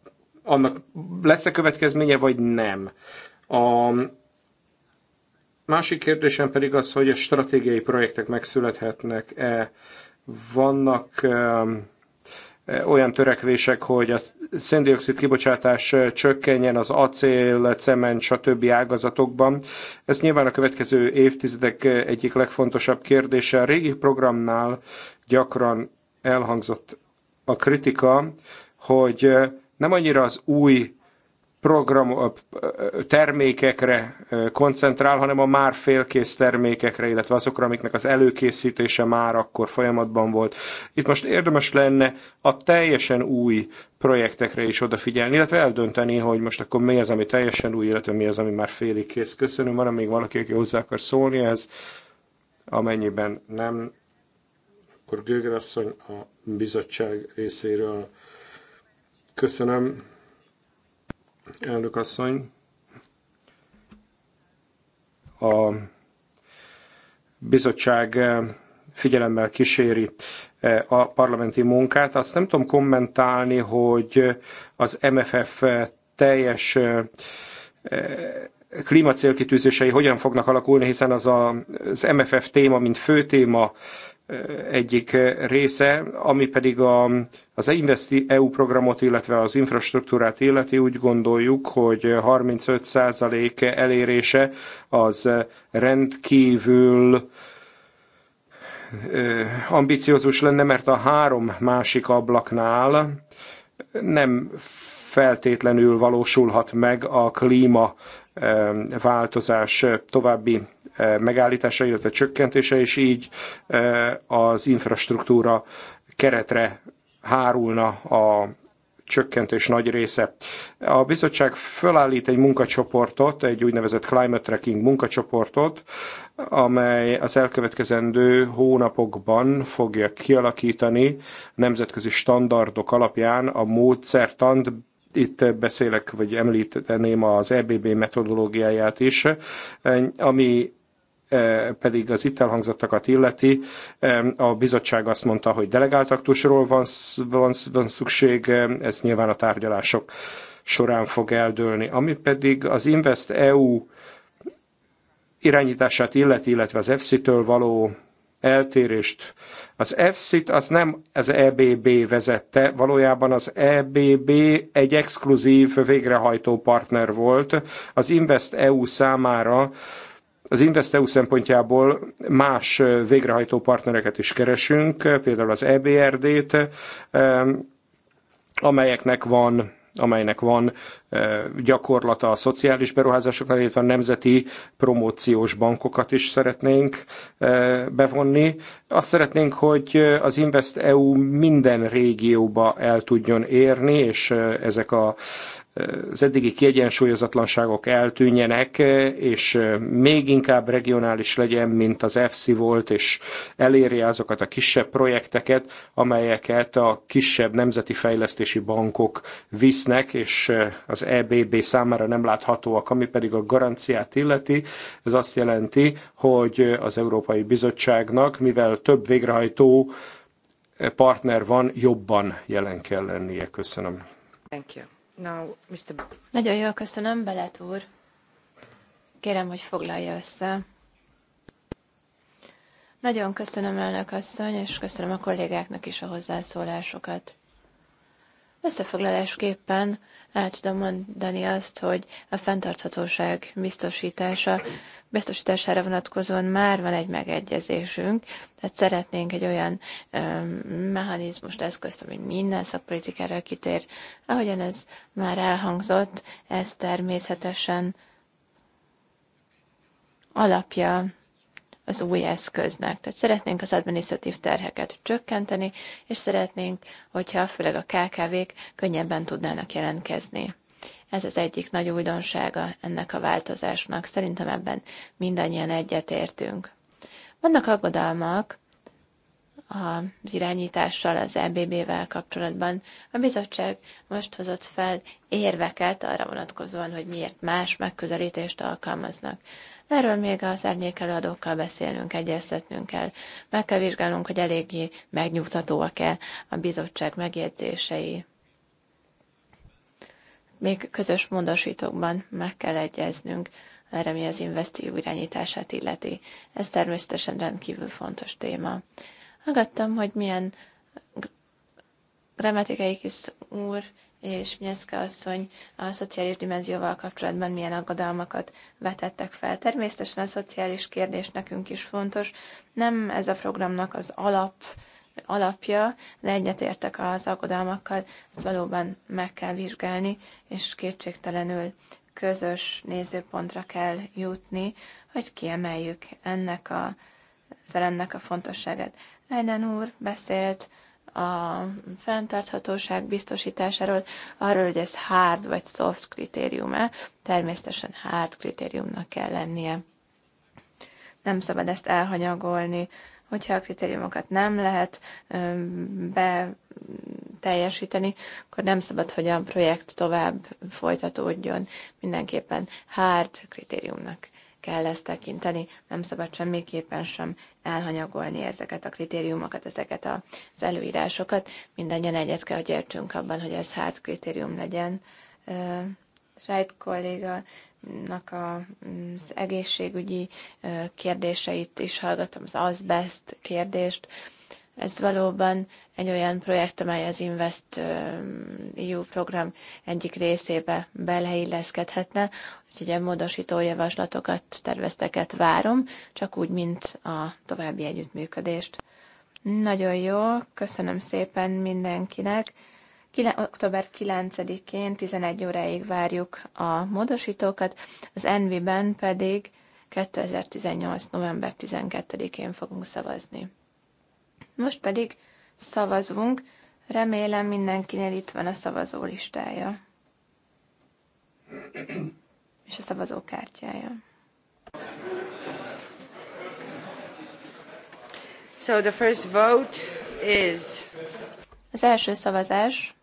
annak lesz-e következménye, vagy nem? A Másik kérdésem pedig az, hogy a stratégiai projektek megszülethetnek-e. Vannak um, eh, olyan törekvések, hogy a széndiokszid kibocsátás eh, csökkenjen az acél, cement, stb. ágazatokban. Ez nyilván a következő évtizedek eh, egyik legfontosabb kérdése. A régi programnál gyakran elhangzott a kritika, hogy nem annyira az új program, termékekre koncentrál, hanem a már félkész termékekre, illetve azokra, amiknek az előkészítése már akkor folyamatban volt. Itt most érdemes lenne a teljesen új projektekre is odafigyelni, illetve eldönteni, hogy most akkor mi az, ami teljesen új, illetve mi az, ami már félig kész. Köszönöm, van még valaki, aki hozzá akar szólni ez, amennyiben nem, akkor Gőger a bizottság részéről. Köszönöm elnök asszony. A bizottság eh, figyelemmel kíséri eh, a parlamenti munkát. Azt nem tudom kommentálni, hogy az MFF eh, teljes klímacélkitűzései hogyan fognak alakulni, hiszen az a, az MFF téma, mint fő téma egyik eh, része, ami pedig a, az Investi EU programot, illetve az infrastruktúrát illeti, úgy gondoljuk, hogy 35% elérése az rendkívül eh, ambiciózus lenne, mert a három másik ablaknál nem feltétlenül valósulhat meg a klíma eh, változás további megállítása, illetve csökkentése, és így az infrastruktúra keretre hárulna a csökkentés nagy része. A bizottság felállít egy munkacsoportot, egy úgynevezett climate tracking munkacsoportot, amely az elkövetkezendő hónapokban fogja kialakítani nemzetközi standardok alapján a módszertant, itt beszélek, vagy említeném az EBB metodológiáját is, ami Eh, pedig az itt elhangzottakat illeti, eh, a bizottság azt mondta, hogy delegált aktusról van, van, van szükség, eh, ez nyilván a tárgyalások során fog eldőlni. Ami pedig az Invest EU irányítását illeti, illetve az EFSI-től való eltérést. Az efsi t az nem az EBB vezette, valójában az EBB egy exkluzív végrehajtó partner volt. Az Invest EU számára az InvestEU szempontjából más végrehajtó partnereket is keresünk, például az EBRD-t, amelyeknek van amelynek van gyakorlata a szociális beruházásoknál, illetve a nemzeti promóciós bankokat is szeretnénk bevonni. Azt szeretnénk, hogy az Invest EU minden régióba el tudjon érni, és ezek a az eddigi kiegyensúlyozatlanságok eltűnjenek, e, és e, még inkább regionális legyen, mint az EFSI volt, és elérje azokat a kisebb projekteket, amelyeket a kisebb nemzeti fejlesztési bankok visznek, és e, az EBB számára nem láthatóak, ami pedig a garanciát illeti. Ez azt jelenti, hogy az Európai Bizottságnak, mivel több végrehajtó partner van, jobban jelen kell lennie. Köszönöm.
Thank you.
Nagyon jól köszönöm, Belet úr. Kérem, hogy foglalja össze. Nagyon köszönöm, elnök asszony, és köszönöm a kollégáknak is a hozzászólásokat. Összefoglalásképpen el tudom mondani azt, hogy a fenntarthatóság biztosítása biztosítására vonatkozóan már van egy megegyezésünk, tehát szeretnénk egy olyan mechanizmust, eszközt, ami minden szakpolitikára kitér. Ahogyan ez már elhangzott, ez természetesen alapja az új eszköznek. Tehát szeretnénk az adminisztratív terheket csökkenteni, és szeretnénk, hogyha főleg a KKV-k könnyebben tudnának jelentkezni. Ez az egyik nagy újdonsága ennek a változásnak. Szerintem ebben mindannyian egyetértünk. Vannak aggodalmak az irányítással, az EBB-vel kapcsolatban. A bizottság most hozott fel érveket arra vonatkozóan, hogy miért más megközelítést alkalmaznak. Erről még az árnyék előadókkal beszélnünk, egyeztetnünk kell. Meg kell vizsgálnunk, hogy eléggé megnyugtatóak-e a bizottság megjegyzései még közös módosítókban meg kell egyeznünk, erre mi az investív irányítását illeti. Ez természetesen rendkívül fontos téma. Hallgattam, hogy milyen kis úr és Mieszka asszony a szociális dimenzióval kapcsolatban milyen aggodalmakat vetettek fel. Természetesen a szociális kérdés nekünk is fontos. Nem ez a programnak az alap alapja, de egyetértek az aggodalmakkal, ezt valóban meg kell vizsgálni, és kétségtelenül közös nézőpontra kell jutni, hogy kiemeljük ennek a, ennek a fontosságát. Leinen úr beszélt a fenntarthatóság biztosításáról, arról, hogy ez hard vagy soft kritérium-e, természetesen hard kritériumnak kell lennie. Nem szabad ezt elhanyagolni, hogyha a kritériumokat nem lehet be teljesíteni, akkor nem szabad, hogy a projekt tovább folytatódjon. Mindenképpen hard kritériumnak kell ezt tekinteni, nem szabad semmiképpen sem elhanyagolni ezeket a kritériumokat, ezeket az előírásokat. Mindannyian egyet kell, hogy értsünk abban, hogy ez hard kritérium legyen. Sajt kolléga az egészségügyi kérdéseit is hallgatom, az azbest kérdést. Ez valóban egy olyan projekt, amely az Invest EU program egyik részébe beleilleszkedhetne, úgyhogy a módosító javaslatokat, tervezteket várom, csak úgy, mint a további együttműködést. Nagyon jó, köszönöm szépen mindenkinek. 9, október 9-én 11 óráig várjuk a módosítókat, az NV-ben pedig 2018. november 12-én fogunk szavazni. Most pedig szavazunk, remélem mindenkinél itt van a szavazó listája és a szavazókártyája. So the first vote is... Az első szavazás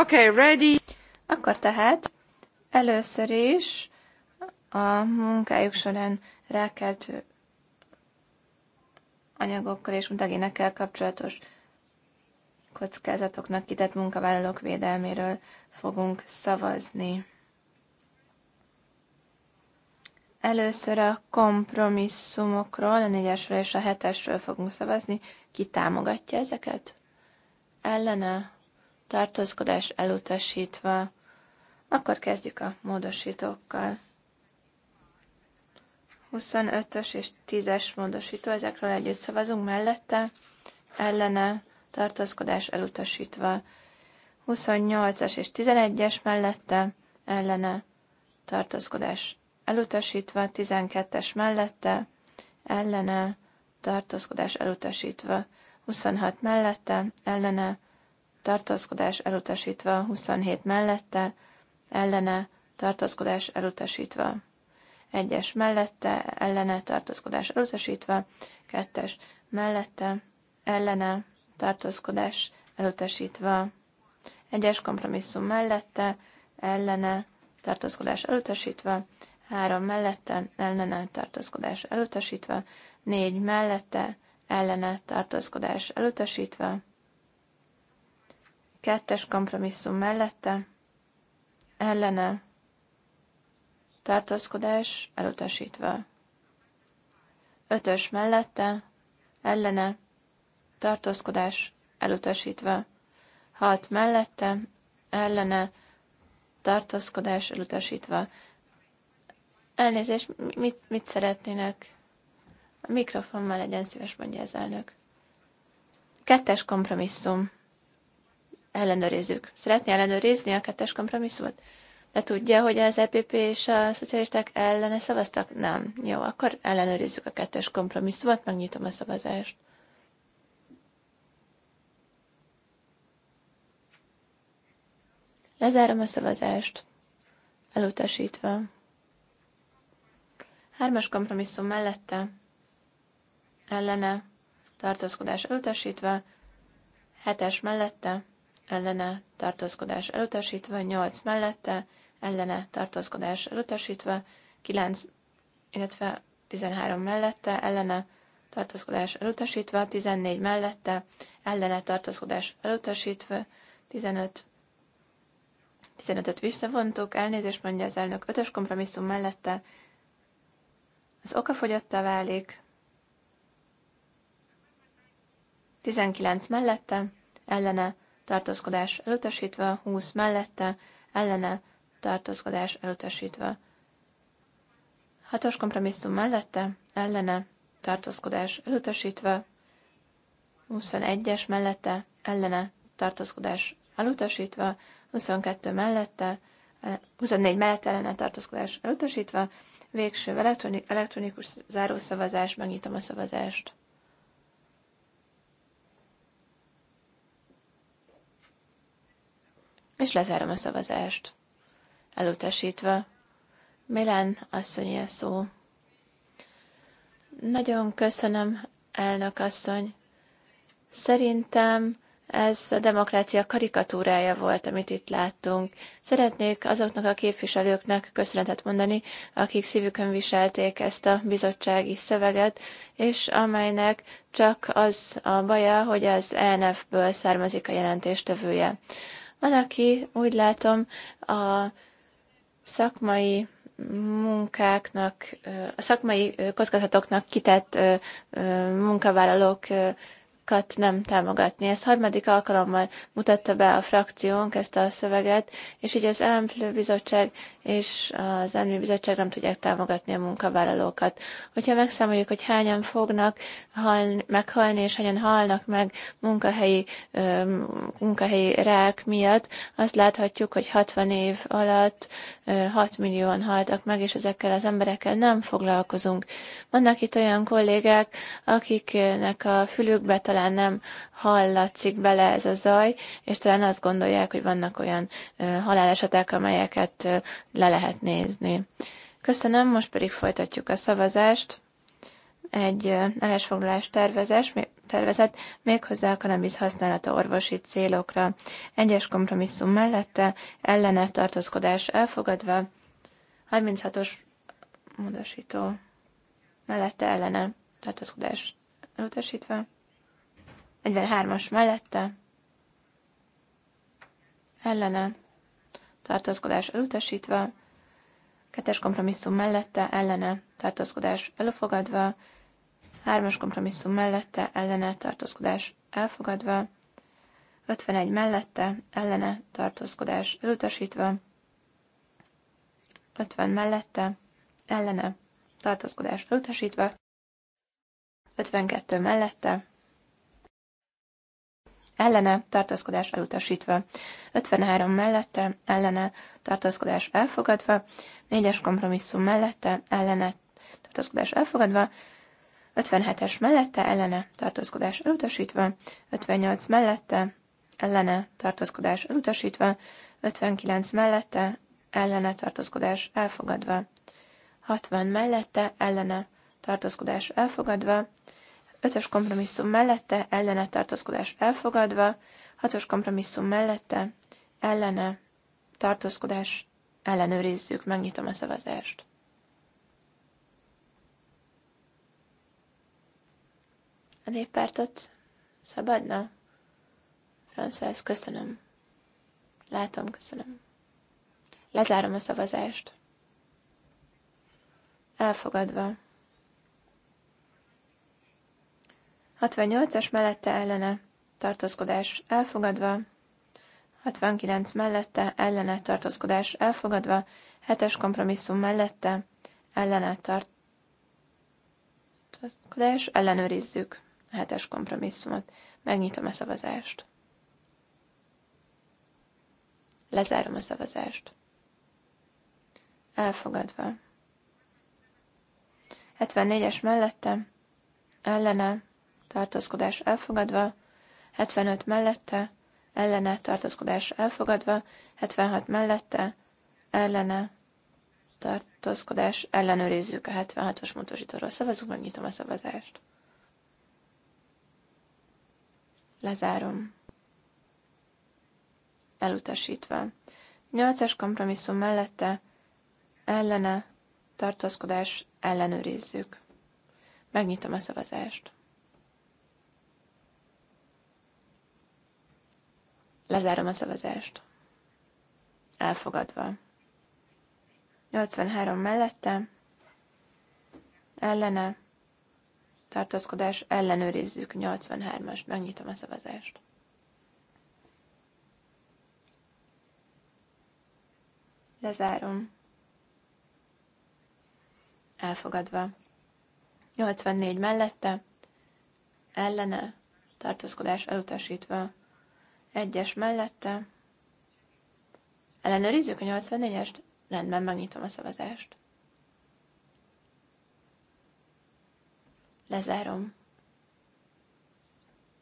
Okay, ready. Akkor tehát először is a munkájuk során rákelt anyagokkal és mutagénekkel kapcsolatos kockázatoknak kitett munkavállalók védelméről fogunk szavazni. Először a kompromisszumokról, a négyesről és a hetesről fogunk szavazni. Ki támogatja ezeket? Ellene? tartózkodás elutasítva. Akkor kezdjük a módosítókkal. 25-ös és 10-es módosító, ezekről együtt szavazunk mellette, ellene, tartózkodás elutasítva. 28-as és 11-es mellette, ellene, tartózkodás elutasítva, 12-es mellette, ellene, tartózkodás elutasítva, 26 mellette, ellene, tartózkodás elutasítva, 27 mellette, ellene, tartózkodás elutasítva. 1-es mellette, ellene, tartózkodás elutasítva, 2-es mellette, ellene, tartózkodás elutasítva, 1-es kompromisszum mellette, ellene, tartózkodás elutasítva, 3 mellette, ellene, tartózkodás elutasítva, 4 mellette, ellene, tartózkodás elutasítva, Kettes kompromisszum mellette, ellene, tartózkodás elutasítva. Ötös mellette, ellene, tartózkodás elutasítva. Hat mellette, ellene, tartózkodás elutasítva. Elnézést, mit, mit szeretnének? A mikrofonmal legyen szíves, mondja az elnök. Kettes kompromisszum ellenőrizzük. Szeretné ellenőrizni a kettes kompromisszumot? De tudja, hogy az EPP és a szocialisták ellene szavaztak? Nem. Jó, akkor ellenőrizzük a kettes kompromisszumot, megnyitom a szavazást. Lezárom a szavazást. Elutasítva. Hármas kompromisszum mellette. Ellene. Tartózkodás elutasítva. Hetes mellette ellene tartózkodás elutasítva, 8 mellette ellene tartózkodás elutasítva, 9, illetve 13 mellette ellene tartózkodás elutasítva, 14 mellette ellene tartózkodás elutasítva, 15 15-öt visszavontuk, elnézést mondja az elnök, 5-ös kompromisszum mellette az oka fogyottá válik, 19 mellette, ellene tartózkodás elutasítva, 20 mellette, ellene, tartózkodás elutasítva. Hatos kompromisszum mellette, ellene, tartózkodás elutasítva, 21-es mellette, ellene, tartózkodás elutasítva, 22 mellette, 24 mellett ellene tartózkodás elutasítva, végső elektronikus zárószavazás, megnyitom a szavazást. és lezárom a szavazást. Elutasítva. Milán asszonyi a szó. Nagyon köszönöm, elnök asszony. Szerintem ez a demokrácia karikatúrája volt, amit itt láttunk. Szeretnék azoknak a képviselőknek köszönetet mondani, akik szívükön viselték ezt a bizottsági szöveget, és amelynek csak az a baja, hogy az ENF-ből származik a jelentéstevője. Van, aki úgy látom a szakmai munkáknak, a szakmai kockázatoknak kitett munkavállalók kat nem támogatni. Ez harmadik alkalommal mutatta be a frakciónk ezt a szöveget, és így az Elmflő Bizottság és az Elmi Bizottság nem tudják támogatni a munkavállalókat. Hogyha megszámoljuk, hogy hányan fognak halni, meghalni, és hányan halnak meg munkahelyi, munkahelyi rák miatt, azt láthatjuk, hogy 60 év alatt 6 millióan haltak meg, és ezekkel az emberekkel nem foglalkozunk. Vannak itt olyan kollégák, akiknek a fülükbe talál talán nem hallatszik bele ez a zaj, és talán azt gondolják, hogy vannak olyan halálesetek, amelyeket le lehet nézni. Köszönöm, most pedig folytatjuk a szavazást. Egy elesfoglalás tervezés, tervezet méghozzá a kanabisz használata orvosi célokra. Egyes kompromisszum mellette, ellene tartózkodás elfogadva, 36-os módosító mellette ellene tartózkodás elutasítva, 43-as mellette ellene tartózkodás elutasítva, kettes kompromisszum mellette ellene tartózkodás elfogadva, hármas kompromisszum mellette ellene tartózkodás elfogadva, 51 mellette ellene tartózkodás elutasítva, 50 mellette ellene tartózkodás elutasítva, 52 mellette ellene tartózkodás elutasítva, 53 mellette, ellene tartózkodás elfogadva, 4-es kompromisszum mellette, ellene tartózkodás elfogadva, 57-es mellette, ellene tartózkodás elutasítva, 58 mellette, ellene tartózkodás elutasítva, 59 mellette, ellene tartózkodás elfogadva, 60 mellette, ellene tartózkodás elfogadva, Ötös kompromisszum mellette, ellene tartózkodás elfogadva. Hatos kompromisszum mellette, ellene tartózkodás ellenőrizzük, megnyitom a szavazást. A néppártot szabadna? Francesz, köszönöm. Látom, köszönöm. Lezárom a szavazást. Elfogadva. 68-as mellette ellene tartózkodás elfogadva, 69 mellette ellene tartózkodás elfogadva, 7-es kompromisszum mellette ellene tartózkodás, ellenőrizzük a 7-es kompromisszumot. Megnyitom a szavazást. Lezárom a szavazást. Elfogadva. 74-es mellette ellene tartózkodás elfogadva, 75 mellette, ellene tartózkodás elfogadva, 76 mellette, ellene tartózkodás ellenőrizzük a 76-os módosítóról. Szavazunk, megnyitom a szavazást. Lezárom. Elutasítva. 8-as kompromisszum mellette, ellene tartózkodás ellenőrizzük. Megnyitom a szavazást. Lezárom a szavazást. Elfogadva. 83 mellette, ellene, tartózkodás, ellenőrizzük 83 as megnyitom a szavazást. Lezárom. Elfogadva. 84 mellette, ellene, tartózkodás elutasítva. Egyes mellette. Ellenőrizzük a 84-est. Rendben, megnyitom a szavazást. Lezárom.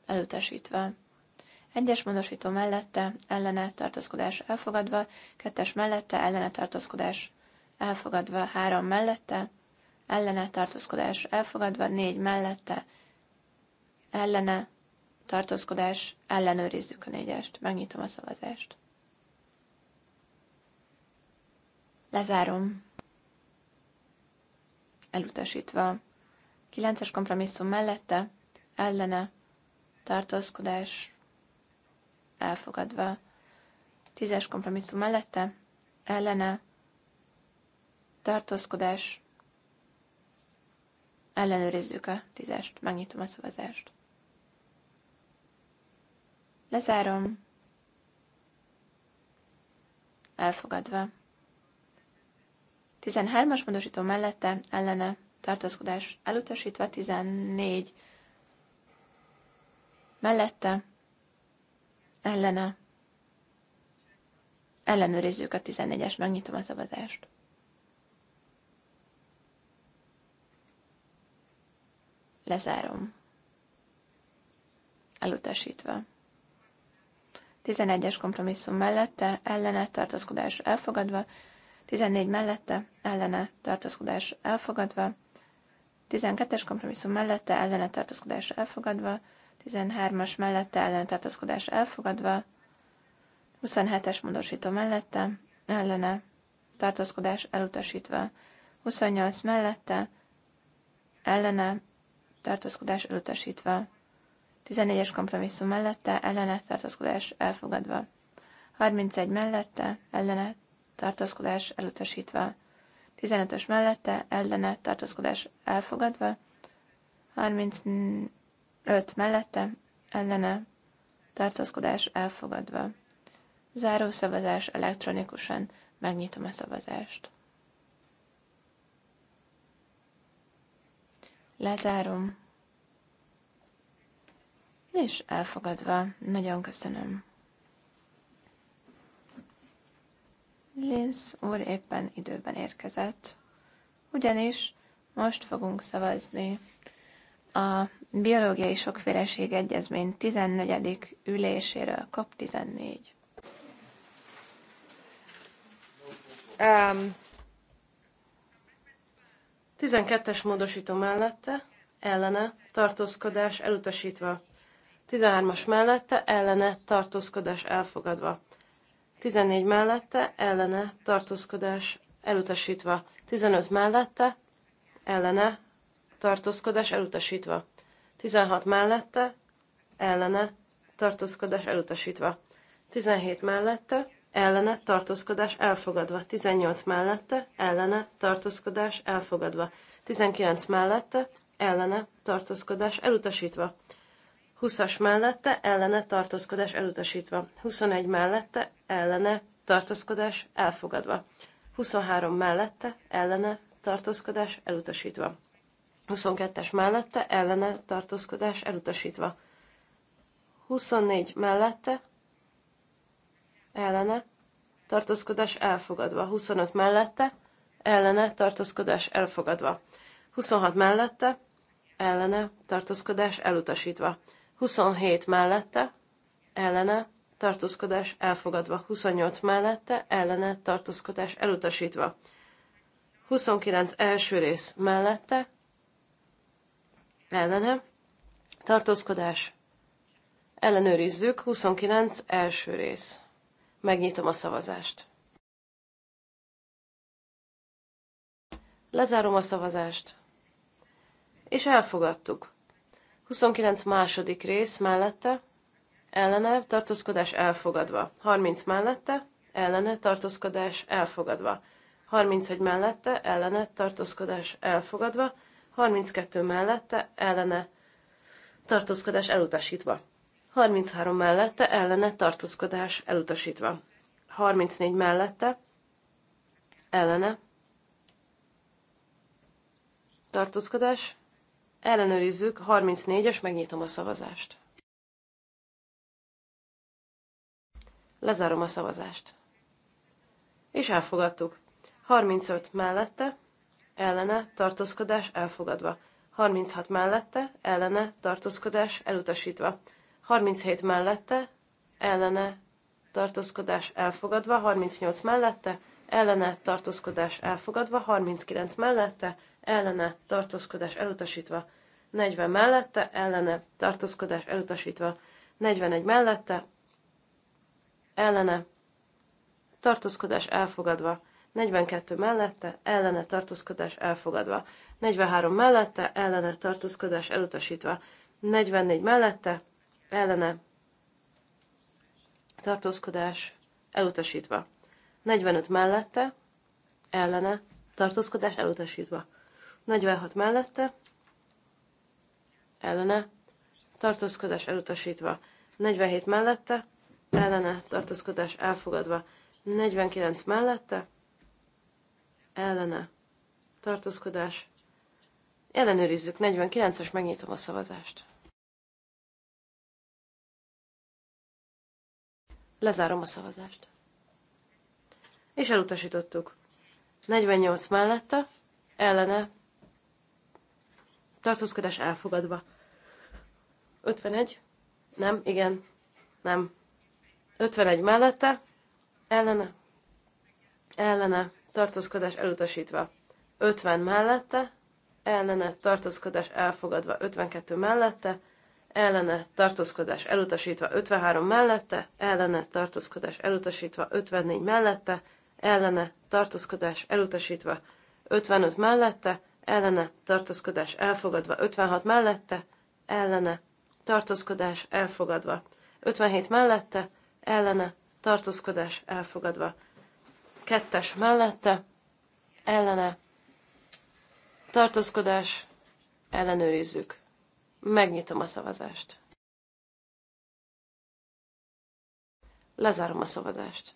Elutasítva. Egyes módosító mellette, ellene tartózkodás elfogadva, kettes mellette, ellene tartózkodás elfogadva, három mellette, ellene tartózkodás elfogadva, négy mellette, ellene tartózkodás, ellenőrizzük a négyest, megnyitom a szavazást. Lezárom. Elutasítva. 9-es kompromisszum mellette, ellene, tartózkodás, elfogadva. 10-es kompromisszum mellette, ellene, tartózkodás, ellenőrizzük a tízest, megnyitom a szavazást. Lezárom. Elfogadva. 13-as módosító mellette ellene tartózkodás elutasítva, 14 mellette ellene ellenőrizzük a 14-es, megnyitom a szavazást. Lezárom. Elutasítva. 11-es kompromisszum mellette, ellene tartózkodás elfogadva, 14 mellette, ellene tartózkodás elfogadva, 12-es kompromisszum mellette, ellene tartózkodás elfogadva, 13-as mellette, ellene tartózkodás elfogadva, 27-es módosító mellette, ellene tartózkodás elutasítva, 28 mellette, ellene tartózkodás elutasítva, 14-es kompromisszum mellette, ellene tartózkodás elfogadva. 31 mellette, ellene tartózkodás elutasítva. 15-ös mellette, ellene tartózkodás elfogadva. 35 mellette, ellene tartózkodás elfogadva. Záró szavazás elektronikusan. Megnyitom a szavazást. Lezárom és elfogadva. Nagyon köszönöm. Linz úr éppen időben érkezett, ugyanis most fogunk szavazni a Biológiai Sokféleség Egyezmény 14.
üléséről, COP14. Um, 12-es módosító mellette, ellene, tartózkodás elutasítva. 13-as mellette ellene tartózkodás elfogadva. 14 mellette ellene tartózkodás elutasítva. 15 mellette ellene tartózkodás elutasítva. 16 mellette ellene tartózkodás elutasítva. 17 mellette ellene tartózkodás elfogadva. 18 mellette ellene tartózkodás elfogadva. 19 mellette ellene tartózkodás elutasítva. 20-as mellette ellene tartózkodás elutasítva. 21 mellette ellene tartózkodás elfogadva. 23 mellette ellene tartózkodás elutasítva. 22-es mellette ellene tartózkodás elutasítva. 24 mellette ellene tartózkodás elfogadva. 25 mellette ellene tartózkodás elfogadva. 26 mellette ellene tartózkodás elutasítva. 27 mellette, ellene, tartózkodás elfogadva. 28 mellette, ellene, tartózkodás elutasítva. 29 első rész mellette, ellene, tartózkodás ellenőrizzük, 29 első rész. Megnyitom a szavazást. Lezárom a szavazást. És elfogadtuk. 29 második rész mellette, ellene tartózkodás elfogadva. 30 mellette, ellene tartózkodás elfogadva. 31 mellette, ellene tartózkodás elfogadva. 32 mellette, ellene tartózkodás elutasítva. 33 mellette, ellene tartózkodás elutasítva. 34 mellette, ellene tartózkodás Ellenőrizzük, 34-es, megnyitom a szavazást. Lezárom a szavazást. És elfogadtuk. 35 mellette, ellene, tartózkodás elfogadva. 36 mellette, ellene, tartózkodás elutasítva. 37 mellette, ellene, tartózkodás elfogadva. 38 mellette, ellene, tartózkodás elfogadva. 39 mellette, ellene, tartózkodás elutasítva. 40 mellette, ellene, tartózkodás elutasítva, 41 mellette, ellene, tartózkodás elfogadva, 42 mellette, ellene, tartózkodás elfogadva, 43 mellette, ellene, tartózkodás elutasítva, 44 mellette, ellene, tartózkodás elutasítva, 45 mellette, ellene, tartózkodás elutasítva, 46 mellette, ellene, tartózkodás elutasítva. 47 mellette, ellene, tartózkodás elfogadva. 49 mellette, ellene, tartózkodás. Ellenőrizzük, 49-es, megnyitom a szavazást. Lezárom a szavazást. És elutasítottuk. 48 mellette, ellene, tartózkodás elfogadva. 51? Nem, igen, nem. 51 mellette, ellene, ellene, tartózkodás elutasítva. 50 mellette, ellene, tartózkodás elfogadva. 52 mellette, ellene, tartózkodás elutasítva. 53 mellette, ellene, tartózkodás elutasítva. 54 mellette, ellene, tartózkodás elutasítva. 55 mellette, ellene, tartózkodás elfogadva. 56 mellette, ellene, tartózkodás elfogadva. 57 mellette, ellene, tartózkodás elfogadva. Kettes mellette, ellene, tartózkodás, ellenőrizzük. Megnyitom a szavazást. Lezárom a szavazást.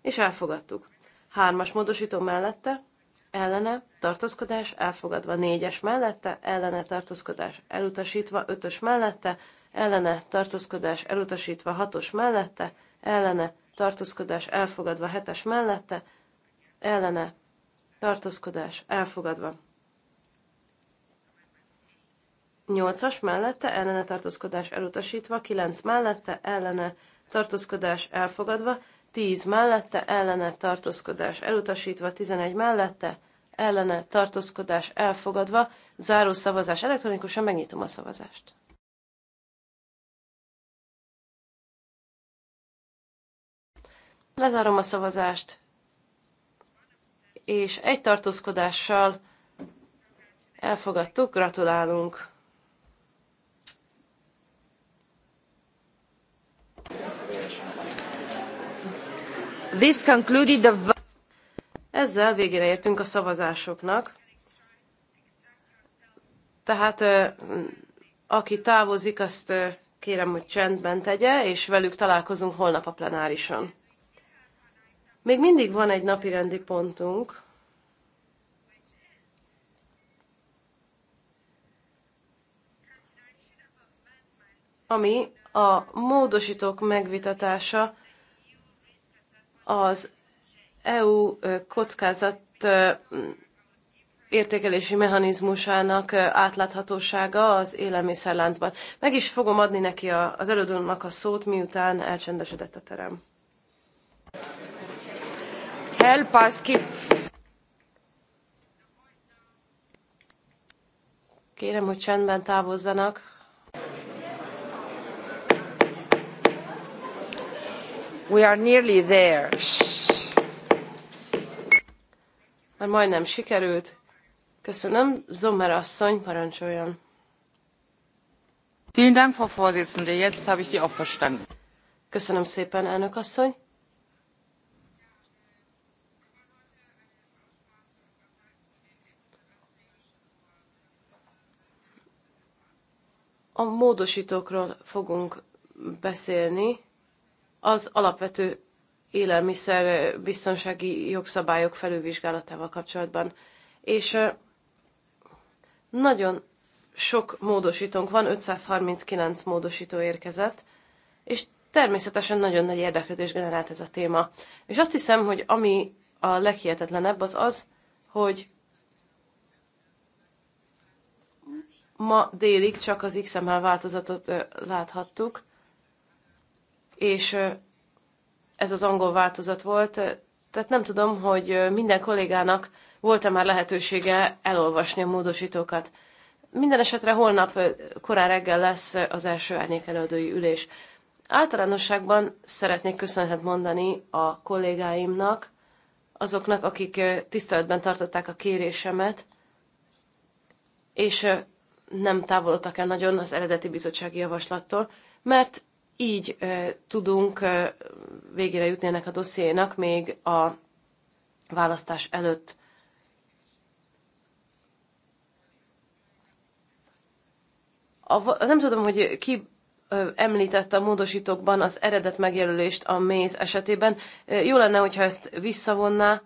És elfogadtuk. Hármas módosító mellette, ellene, tartózkodás elfogadva, négyes mellette, ellene tartózkodás elutasítva, ötös mellette, ellene tartózkodás elutasítva, hatos mellette, ellene tartózkodás elfogadva, hetes mellette, ellene tartózkodás elfogadva. Nyolcas mellette, ellene tartózkodás elutasítva, kilenc mellette, ellene tartózkodás elfogadva, 10 mellette, ellene tartózkodás elutasítva, 11 mellette, ellene tartózkodás elfogadva, záró szavazás elektronikusan megnyitom a szavazást. Lezárom a szavazást, és egy tartózkodással elfogadtuk, gratulálunk! This concluded the... Ezzel végére értünk a szavazásoknak. Tehát aki távozik, azt kérem, hogy csendben tegye, és velük találkozunk holnap a plenárison. Még mindig van egy napi rendi pontunk, ami a módosítók megvitatása az EU kockázat értékelési mechanizmusának átláthatósága az élelmiszerláncban. Meg is fogom adni neki a, az előadónak a szót, miután elcsendesedett a terem. Help us keep... Kérem, hogy csendben távozzanak. We are nearly there. Már majdnem sikerült. Köszönöm. Zomer asszony, parancsoljon. Vielen Dank, Frau Vorsitzende. Jetzt habe ich Sie auch verstanden. Köszönöm szépen, elnök asszony. A módosítókról fogunk beszélni az alapvető élelmiszer biztonsági jogszabályok felülvizsgálatával kapcsolatban. És nagyon sok módosítónk van, 539 módosító érkezett, és természetesen nagyon nagy érdeklődés generált ez a téma. És azt hiszem, hogy ami a leghihetetlenebb az az, hogy ma délig csak az XML változatot láthattuk, és ez az angol változat volt, tehát nem tudom, hogy minden kollégának volt-e már lehetősége elolvasni a módosítókat. Minden esetre holnap korán reggel lesz az első árnyékelődői ülés. Általánosságban szeretnék köszönetet mondani a kollégáimnak, azoknak, akik tiszteletben tartották a kérésemet, és nem távolodtak el nagyon az eredeti bizottsági javaslattól, mert így tudunk végére jutni ennek a dossziénak még a választás előtt. A, nem tudom, hogy ki említette a módosítókban az eredet megjelölést a méz esetében. Jó lenne, hogyha ezt visszavonná,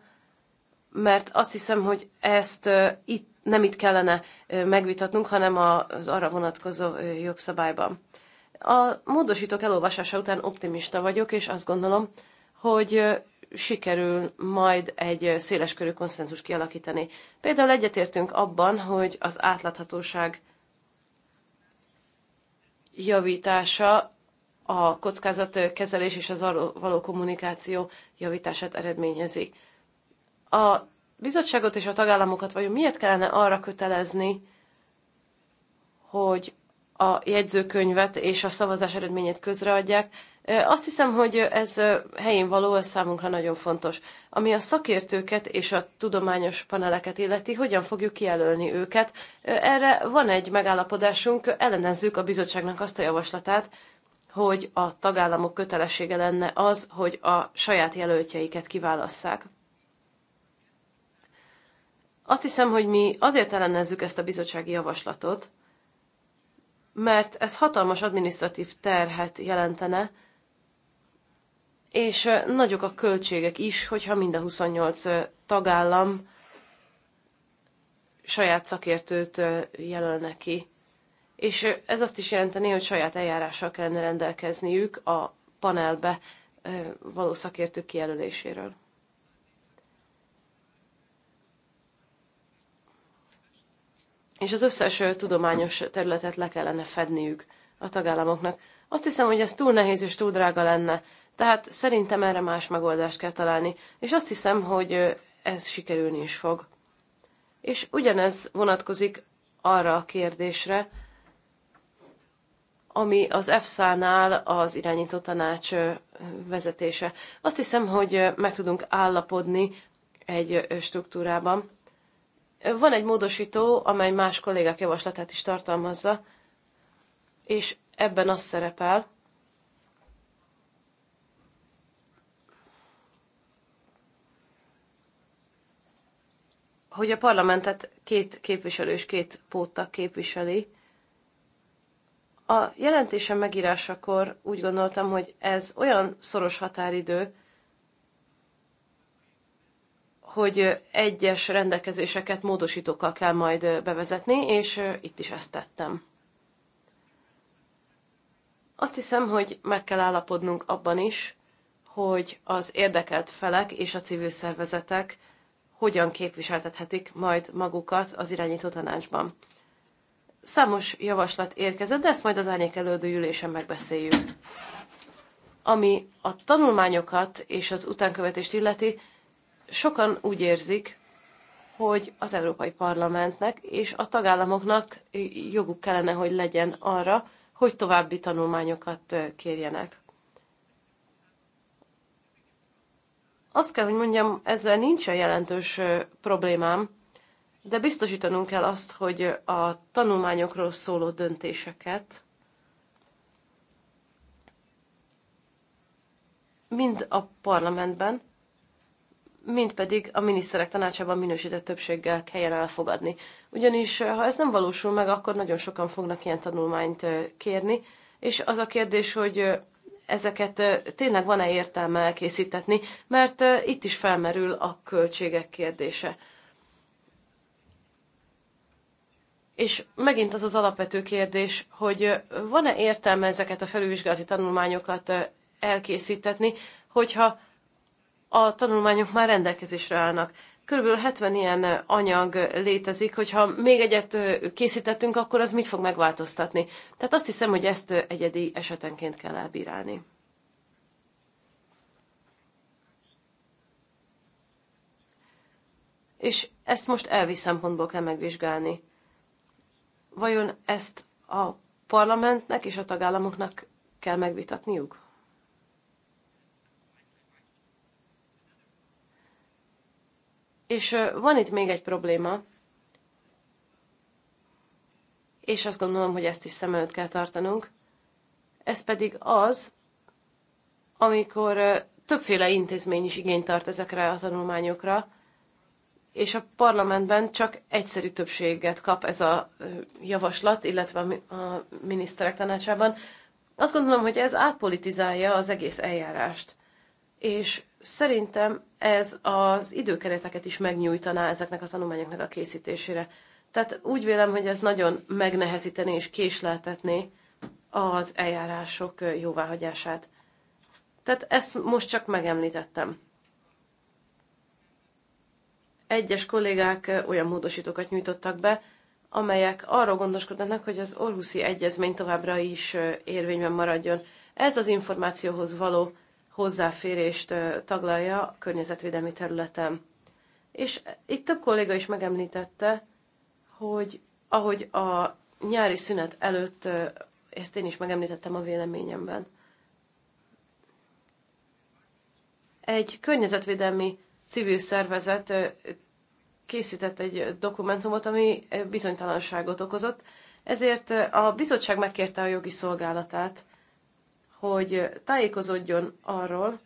mert azt hiszem, hogy ezt itt, nem itt kellene megvitatnunk, hanem az arra vonatkozó jogszabályban. A módosítók elolvasása után optimista vagyok, és azt gondolom, hogy sikerül majd egy széleskörű konszenzus kialakítani. Például egyetértünk abban, hogy az átláthatóság javítása a kockázatkezelés és az arról való kommunikáció javítását eredményezi. A bizottságot és a tagállamokat vajon miért kellene arra kötelezni, hogy a jegyzőkönyvet és a szavazás eredményét közreadják. Azt hiszem, hogy ez helyén való, ez számunkra nagyon fontos. Ami a szakértőket és a tudományos paneleket illeti, hogyan fogjuk kijelölni őket? Erre van egy megállapodásunk, ellenezzük a bizottságnak azt a javaslatát, hogy a tagállamok kötelessége lenne az, hogy a saját jelöltjeiket kiválasszák. Azt hiszem, hogy mi azért ellenezzük ezt a bizottsági javaslatot, mert ez hatalmas adminisztratív terhet jelentene, és nagyok a költségek is, hogyha mind a 28 tagállam saját szakértőt jelölne ki. És ez azt is jelenteni, hogy saját eljárással kellene rendelkezniük a panelbe való szakértők kijelöléséről. és az összes tudományos területet le kellene fedniük a tagállamoknak. Azt hiszem, hogy ez túl nehéz és túl drága lenne, tehát szerintem erre más megoldást kell találni, és azt hiszem, hogy ez sikerülni is fog. És ugyanez vonatkozik arra a kérdésre, ami az EFSA-nál az irányító tanács vezetése. Azt hiszem, hogy meg tudunk állapodni egy struktúrában, van egy módosító, amely más kollégák javaslatát is tartalmazza, és ebben az szerepel, hogy a parlamentet két képviselő és két póttak képviseli. A jelentésem megírásakor úgy gondoltam, hogy ez olyan szoros határidő, hogy egyes rendelkezéseket módosítókkal kell majd bevezetni, és itt is ezt tettem. Azt hiszem, hogy meg kell állapodnunk abban is, hogy az érdekelt felek és a civil szervezetek hogyan képviseltethetik majd magukat az irányító tanácsban. Számos javaslat érkezett, de ezt majd az árnyék ülésen megbeszéljük. Ami a tanulmányokat és az utánkövetést illeti, sokan úgy érzik, hogy az Európai Parlamentnek és a tagállamoknak joguk kellene, hogy legyen arra, hogy további tanulmányokat kérjenek. Azt kell, hogy mondjam, ezzel nincsen jelentős problémám, de biztosítanunk kell azt, hogy a tanulmányokról szóló döntéseket mind a parlamentben, mint pedig a miniszterek tanácsában minősített többséggel kelljen elfogadni. Ugyanis, eh, ha ez nem valósul meg, akkor nagyon sokan fognak ilyen tanulmányt eh, kérni, és az a kérdés, hogy eh, ezeket tényleg van-e értelme elkészítetni, mert itt is felmerül a költségek kérdése. És megint az az alapvető kérdés, hogy van-e értelme ezeket a felülvizsgálati tanulmányokat elkészítetni, hogyha a tanulmányok már rendelkezésre állnak. Körülbelül 70 ilyen anyag létezik, hogyha még egyet készítettünk, akkor az mit fog megváltoztatni? Tehát azt hiszem, hogy ezt egyedi esetenként kell elbírálni. És ezt most elvi szempontból kell megvizsgálni. Vajon ezt a parlamentnek és a tagállamoknak kell megvitatniuk? És van itt még egy probléma, és azt gondolom, hogy ezt is szem előtt kell tartanunk. Ez pedig az, amikor többféle intézmény is igényt tart ezekre a tanulmányokra, és a parlamentben csak egyszerű többséget kap ez a javaslat, illetve a miniszterek tanácsában. Azt gondolom, hogy ez átpolitizálja az egész eljárást és szerintem ez az időkereteket is megnyújtaná ezeknek a tanulmányoknak a készítésére. Tehát úgy vélem, hogy ez nagyon megnehezítené és késleltetné az eljárások jóváhagyását. Tehát ezt most csak megemlítettem. Egyes kollégák olyan módosítókat nyújtottak be, amelyek arról gondoskodnak, hogy az Orhuszi Egyezmény továbbra is érvényben maradjon. Ez az információhoz való hozzáférést taglalja a környezetvédelmi területen. És itt több kolléga is megemlítette, hogy ahogy a nyári szünet előtt, ezt én is megemlítettem a véleményemben, egy környezetvédelmi civil szervezet készített egy dokumentumot, ami bizonytalanságot okozott, ezért a bizottság megkérte a jogi szolgálatát, hogy tájékozódjon arról,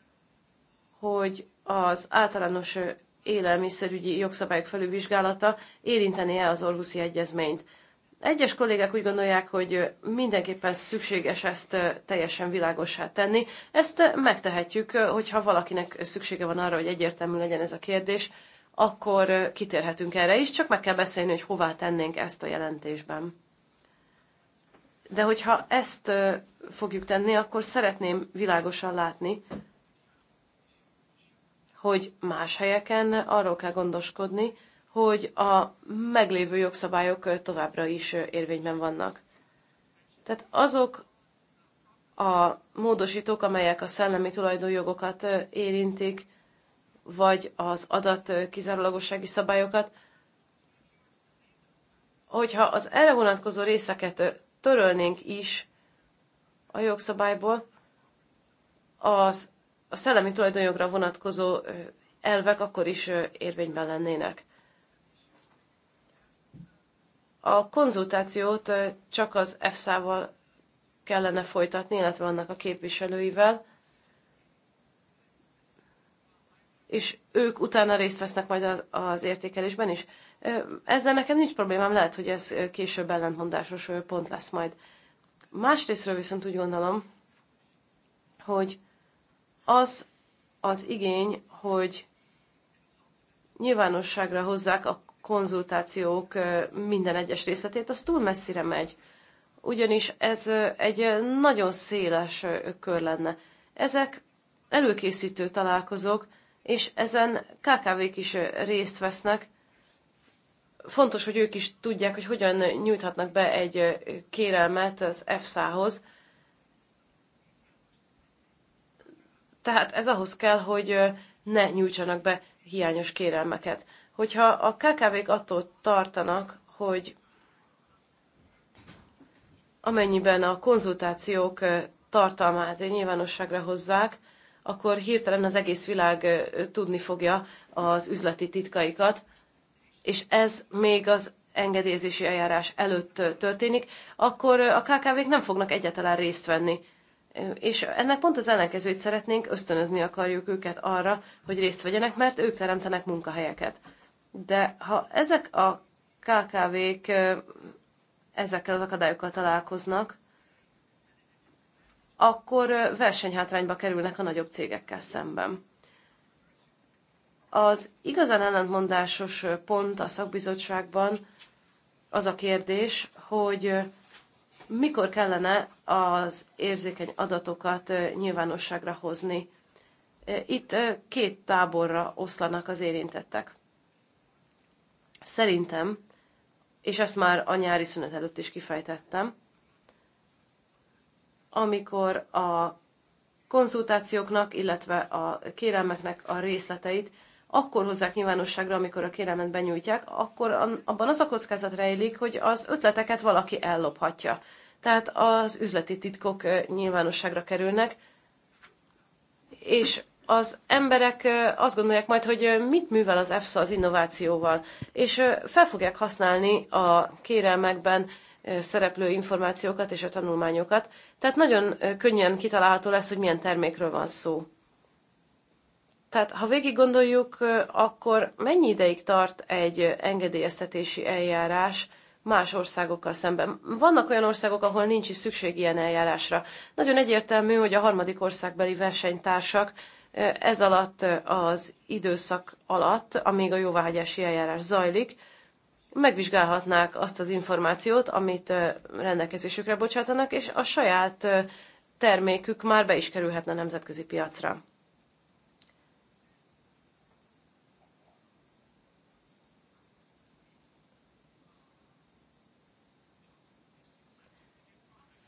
hogy az általános élelmiszerügyi jogszabályok felülvizsgálata érinteni-e az Orhuszi Egyezményt. Egyes kollégák úgy gondolják, hogy mindenképpen szükséges ezt teljesen világossá tenni. Ezt megtehetjük, hogyha valakinek szüksége van arra, hogy egyértelmű legyen ez a kérdés, akkor kitérhetünk erre is, csak meg kell beszélni, hogy hová tennénk ezt a jelentésben. De hogyha ezt fogjuk tenni, akkor szeretném világosan látni, hogy más helyeken arról kell gondoskodni, hogy a meglévő jogszabályok továbbra is érvényben vannak. Tehát azok a módosítók, amelyek a szellemi tulajdonjogokat érintik, vagy az adat kizárólagossági szabályokat, hogyha az erre vonatkozó részeket törölnénk is a jogszabályból az, a szellemi tulajdonjogra vonatkozó elvek akkor is érvényben lennének. A konzultációt csak az EFSA-val kellene folytatni, illetve annak a képviselőivel, és ők utána részt vesznek majd az, az értékelésben is. Ezzel nekem nincs problémám, lehet, hogy ez később ellentmondásos pont lesz majd. Másrésztről viszont úgy gondolom, hogy az az igény, hogy nyilvánosságra hozzák a konzultációk minden egyes részletét, az túl messzire megy. Ugyanis ez egy nagyon széles kör lenne. Ezek előkészítő találkozók, és ezen KKV-k is részt vesznek, fontos, hogy ők is tudják, hogy hogyan nyújthatnak be egy kérelmet az EFSA-hoz. Tehát ez ahhoz kell, hogy ne nyújtsanak be hiányos kérelmeket. Hogyha a KKV-k attól tartanak, hogy amennyiben a konzultációk tartalmát nyilvánosságra hozzák, akkor hirtelen az egész világ tudni fogja az üzleti titkaikat, és ez még az engedélyezési eljárás előtt történik, akkor a KKV-k nem fognak egyáltalán részt venni. És ennek pont az ellenkezőjét szeretnénk, ösztönözni akarjuk őket arra, hogy részt vegyenek, mert ők teremtenek munkahelyeket. De ha ezek a KKV-k ezekkel az akadályokkal találkoznak, akkor versenyhátrányba kerülnek a nagyobb cégekkel szemben. Az igazán ellentmondásos pont a szakbizottságban az a kérdés, hogy mikor kellene az érzékeny adatokat nyilvánosságra hozni. Itt két táborra oszlanak az érintettek. Szerintem, és ezt már a nyári szünet előtt is kifejtettem, amikor a konzultációknak, illetve a kérelmeknek a részleteit akkor hozzák nyilvánosságra, amikor a kérelmet benyújtják, akkor abban az a kockázat rejlik, hogy az ötleteket valaki ellophatja. Tehát az üzleti titkok nyilvánosságra kerülnek, és az emberek azt gondolják majd, hogy mit művel az EFSA az innovációval, és fel fogják használni a kérelmekben szereplő információkat és a tanulmányokat. Tehát nagyon könnyen kitalálható lesz, hogy milyen termékről van szó. Tehát ha végig gondoljuk, akkor mennyi ideig tart egy engedélyeztetési eljárás más országokkal szemben? Vannak olyan országok, ahol nincs is szükség ilyen eljárásra. Nagyon egyértelmű, hogy a harmadik országbeli versenytársak ez alatt az időszak alatt, amíg a jóváhagyási eljárás zajlik, megvizsgálhatnák azt az információt, amit rendelkezésükre bocsátanak, és a saját termékük már be is kerülhetne a nemzetközi piacra.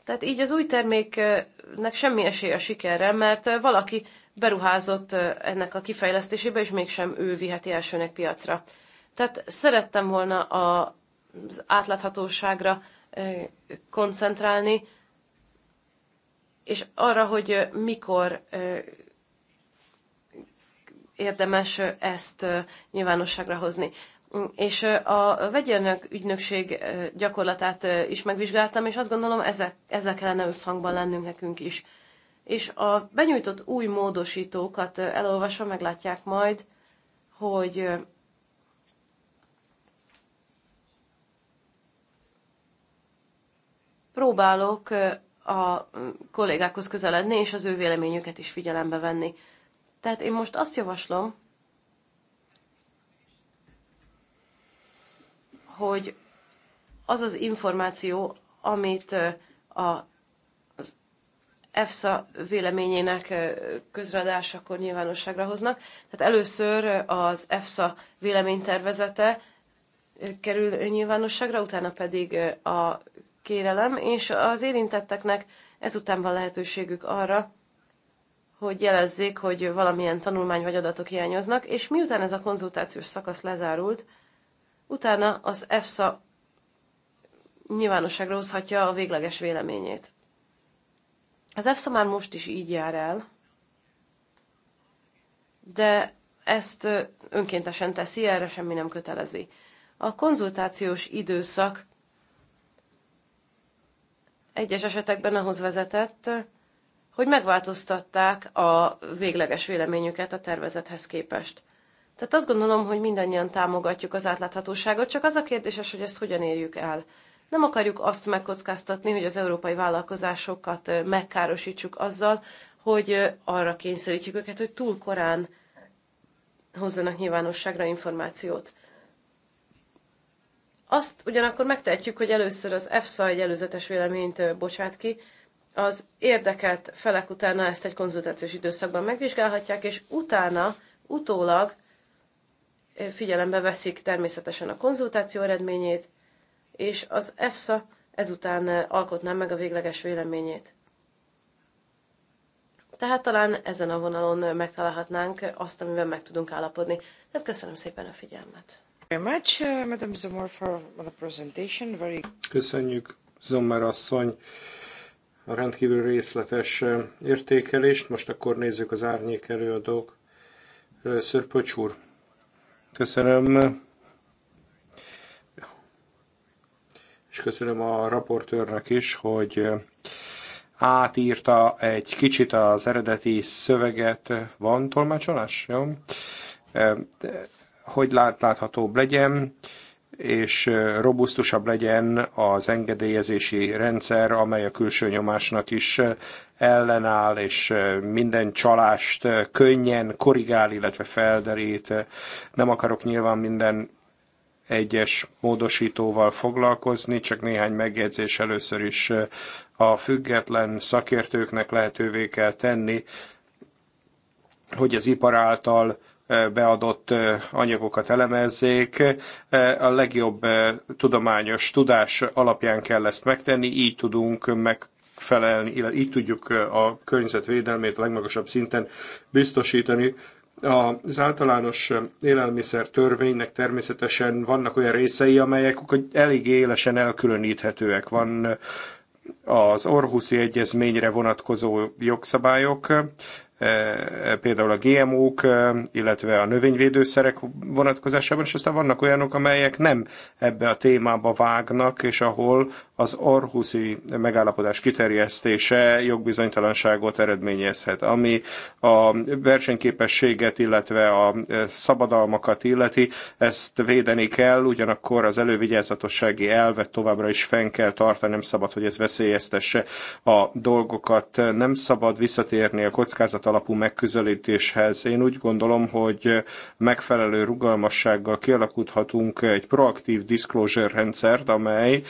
Tehát így az új terméknek semmi esélye a sikerre, mert valaki beruházott ennek a kifejlesztésébe, és mégsem ő viheti elsőnek piacra. Tehát szerettem volna az átláthatóságra koncentrálni, és arra, hogy mikor érdemes ezt nyilvánosságra hozni és a vegyérnök ügynökség gyakorlatát is megvizsgáltam, és azt gondolom, ezek, ezek kellene összhangban lennünk nekünk is. És a benyújtott új módosítókat elolvasva meglátják majd, hogy próbálok a kollégákhoz közeledni, és az ő véleményüket is figyelembe venni. Tehát én most azt javaslom, hogy az az információ, amit a EFSA véleményének közradásakor nyilvánosságra hoznak. Tehát először az EFSA véleménytervezete kerül nyilvánosságra, utána pedig a kérelem, és az érintetteknek ezután van lehetőségük arra, hogy jelezzék, hogy valamilyen tanulmány vagy adatok hiányoznak, és miután ez a konzultációs szakasz lezárult, Utána az EFSA nyilvánosságra hozhatja a végleges véleményét. Az EFSA már most is így jár el, de ezt önkéntesen teszi, erre semmi nem kötelezi. A konzultációs időszak egyes esetekben ahhoz vezetett, hogy megváltoztatták a végleges véleményüket a tervezethez képest. Tehát azt gondolom, hogy mindannyian támogatjuk az átláthatóságot, csak az a kérdéses, hogy ezt hogyan érjük el. Nem akarjuk azt megkockáztatni, hogy az európai vállalkozásokat megkárosítsuk azzal, hogy arra kényszerítjük őket, hogy túl korán hozzanak nyilvánosságra információt. Azt ugyanakkor megtehetjük, hogy először az EFSA egy előzetes véleményt bocsát ki, az érdekelt felek utána ezt egy konzultációs időszakban megvizsgálhatják, és utána, utólag figyelembe veszik természetesen a konzultáció eredményét, és az EFSA ezután eh, alkotná meg a végleges véleményét. Tehát talán ezen a vonalon eh, megtalálhatnánk azt, amiben meg tudunk állapodni. Tehát köszönöm szépen a figyelmet. Eh, Köszönjük, Zomer
asszony, a rendkívül részletes értékelést. Most akkor nézzük az árnyék előadók. Először úr. Köszönöm. És köszönöm a raportőrnek is, hogy átírta egy kicsit az eredeti szöveget. Van tolmácsolás? Jó. Hogy lát, láthatóbb legyen és robusztusabb legyen az engedélyezési rendszer, amely a külső nyomásnak is ellenáll, és minden csalást könnyen korrigál, illetve felderít. Nem akarok nyilván minden egyes módosítóval foglalkozni, csak néhány megjegyzés először is a független szakértőknek lehetővé kell tenni, hogy az ipar által beadott anyagokat elemezzék. A legjobb tudományos tudás alapján kell ezt megtenni, így tudunk meg felelni, így tudjuk a környezetvédelmét a legmagasabb szinten biztosítani. Az általános élelmiszer törvénynek természetesen vannak olyan részei, amelyek elég élesen elkülöníthetőek. Van az Orhuszi Egyezményre vonatkozó jogszabályok, E, például a GMO-k, e, illetve a növényvédőszerek vonatkozásában, és aztán vannak olyanok, amelyek nem ebbe a témába vágnak, és ahol az Orhuszi megállapodás kiterjesztése jogbizonytalanságot eredményezhet, ami a versenyképességet, illetve a e, szabadalmakat illeti, ezt védeni kell, ugyanakkor az elővigyázatossági elvet továbbra is fenn kell tartani, nem szabad, hogy ez veszélyeztesse a dolgokat, nem szabad visszatérni a kockázat alapú megközelítéshez. Én úgy gondolom, hogy megfelelő rugalmassággal kialakulhatunk egy proaktív disclosure rendszert, amely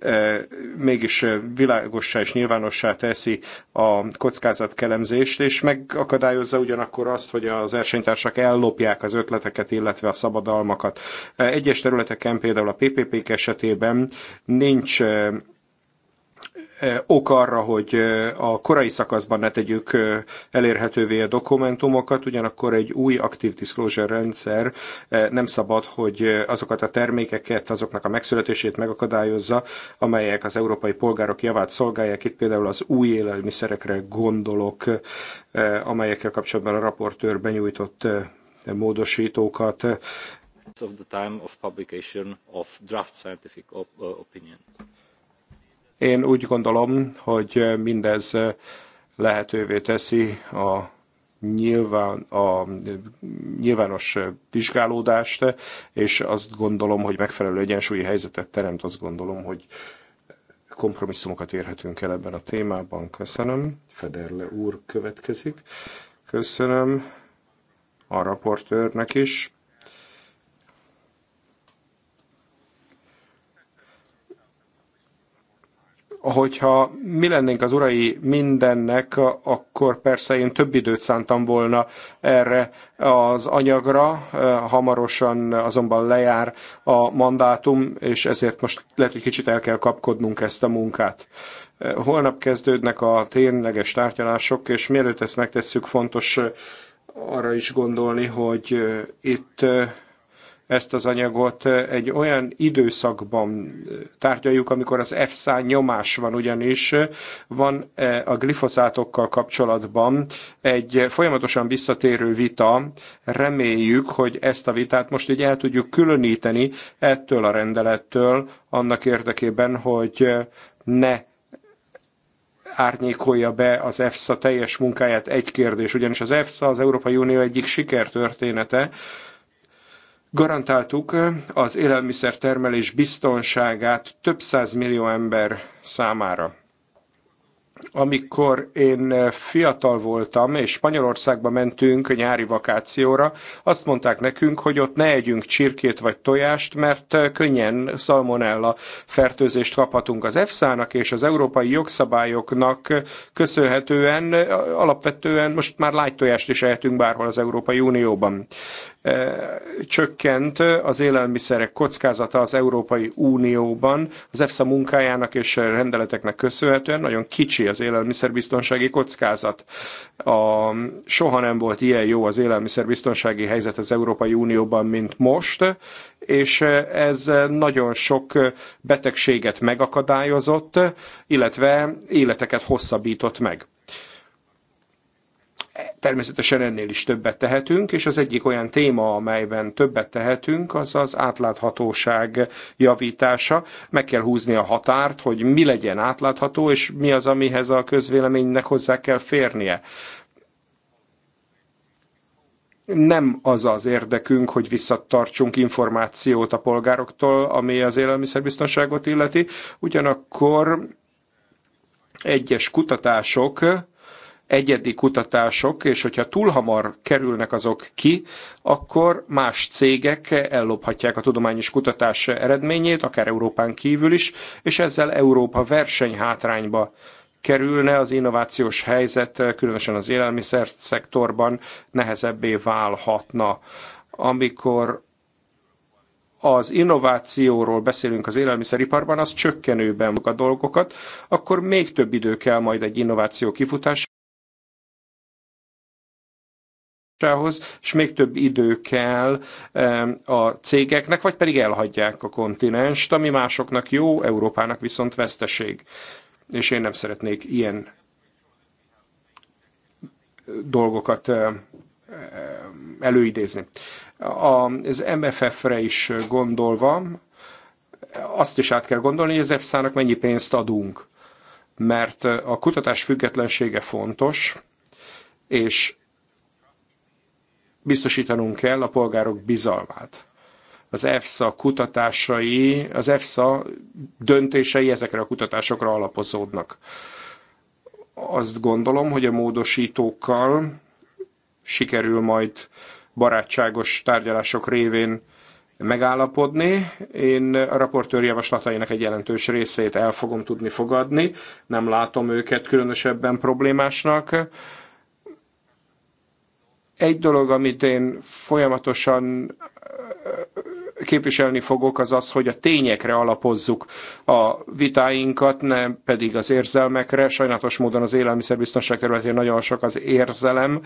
E, mégis világossá és nyilvánossá teszi a kockázatkelemzést, és megakadályozza ugyanakkor azt, hogy az versenytársak ellopják az ötleteket, illetve a szabadalmakat. E, egyes területeken, például a PPP-k esetében nincs e, E, ok arra, hogy e, a korai szakaszban ne tegyük e, elérhetővé a dokumentumokat, ugyanakkor egy új aktív disclosure rendszer nem szabad, hogy azokat a termékeket, azoknak a megszületését megakadályozza, amelyek az európai polgárok javát szolgálják. Itt például az új élelmiszerekre gondolok, amelyekkel kapcsolatban a raportőr benyújtott módosítókat. Of the time of publication of draft scientific opinion. Én úgy gondolom, hogy mindez lehetővé teszi a nyilván, a nyilvános vizsgálódást, és azt gondolom, hogy megfelelő egyensúlyi helyzetet teremt, azt gondolom, hogy kompromisszumokat érhetünk el ebben a témában. Köszönöm. Federle úr következik. Köszönöm a raportőrnek is. hogyha mi lennénk az urai mindennek, akkor persze én több időt szántam volna erre az anyagra, hamarosan azonban lejár a mandátum, és ezért most lehet, hogy kicsit el kell kapkodnunk ezt a munkát. Holnap kezdődnek a tényleges tárgyalások, és mielőtt ezt megtesszük, fontos arra is gondolni, hogy itt ezt az anyagot egy olyan időszakban tárgyaljuk, amikor az EFSA nyomás van ugyanis. Van a glifoszátokkal kapcsolatban egy folyamatosan visszatérő vita. Reméljük, hogy ezt a vitát most így el tudjuk különíteni ettől a rendelettől, annak érdekében, hogy ne árnyékolja be az EFSA teljes munkáját egy kérdés, ugyanis az EFSA az Európai Unió egyik sikertörténete, Garantáltuk eh, az élelmiszertermelés biztonságát több millió ember számára. Amikor én eh, fiatal voltam, és Spanyolországba mentünk nyári vakációra, azt mondták nekünk, hogy ott ne együnk csirkét vagy tojást, mert eh, könnyen szalmonella fertőzést kaphatunk az EFSA-nak és az európai jogszabályoknak köszönhetően, alapvetően most már lágy tojást is ehetünk bárhol az Európai Unióban csökkent az élelmiszerek kockázata az Európai Unióban. Az EFSA munkájának és rendeleteknek köszönhetően nagyon kicsi az élelmiszerbiztonsági kockázat. A, soha nem volt ilyen jó az élelmiszerbiztonsági helyzet az Európai Unióban, mint most, és ez nagyon sok betegséget megakadályozott, illetve életeket hosszabbított meg. Természetesen ennél is többet tehetünk, és az egyik olyan téma, amelyben többet tehetünk, az az átláthatóság javítása. Meg kell húzni a határt, hogy mi legyen átlátható, és mi az, amihez a közvéleménynek hozzá kell férnie nem az az érdekünk, hogy visszatartsunk információt a polgároktól, ami az élelmiszerbiztonságot illeti, ugyanakkor egyes kutatások egyedi kutatások, és hogyha túl hamar kerülnek azok ki, akkor más cégek ellophatják a tudományos kutatás eredményét, akár Európán kívül is, és ezzel Európa versenyhátrányba kerülne, az innovációs helyzet, különösen az élelmiszer szektorban nehezebbé válhatna. Amikor az innovációról beszélünk az élelmiszeriparban, az csökkenőben a dolgokat, akkor még több idő kell majd egy innováció kifutására és még több idő kell a cégeknek, vagy pedig elhagyják a kontinenst, ami másoknak jó, Európának viszont veszteség. És én nem szeretnék ilyen dolgokat előidézni. Az MFF-re is gondolva, azt is át kell gondolni, hogy az EFSA-nak mennyi pénzt adunk. Mert a kutatás függetlensége fontos, és biztosítanunk kell a polgárok bizalmát. Az EFSA kutatásai, az EFSA döntései ezekre a kutatásokra alapozódnak. Azt gondolom, hogy a módosítókkal sikerül majd barátságos tárgyalások révén megállapodni. Én a raportőr javaslatainak egy jelentős részét el fogom tudni fogadni, nem látom őket különösebben problémásnak egy dolog, amit én folyamatosan képviselni fogok, az az, hogy a tényekre alapozzuk a vitáinkat, nem pedig az érzelmekre. Sajnálatos módon az élelmiszerbiztonság területén nagyon sok az érzelem.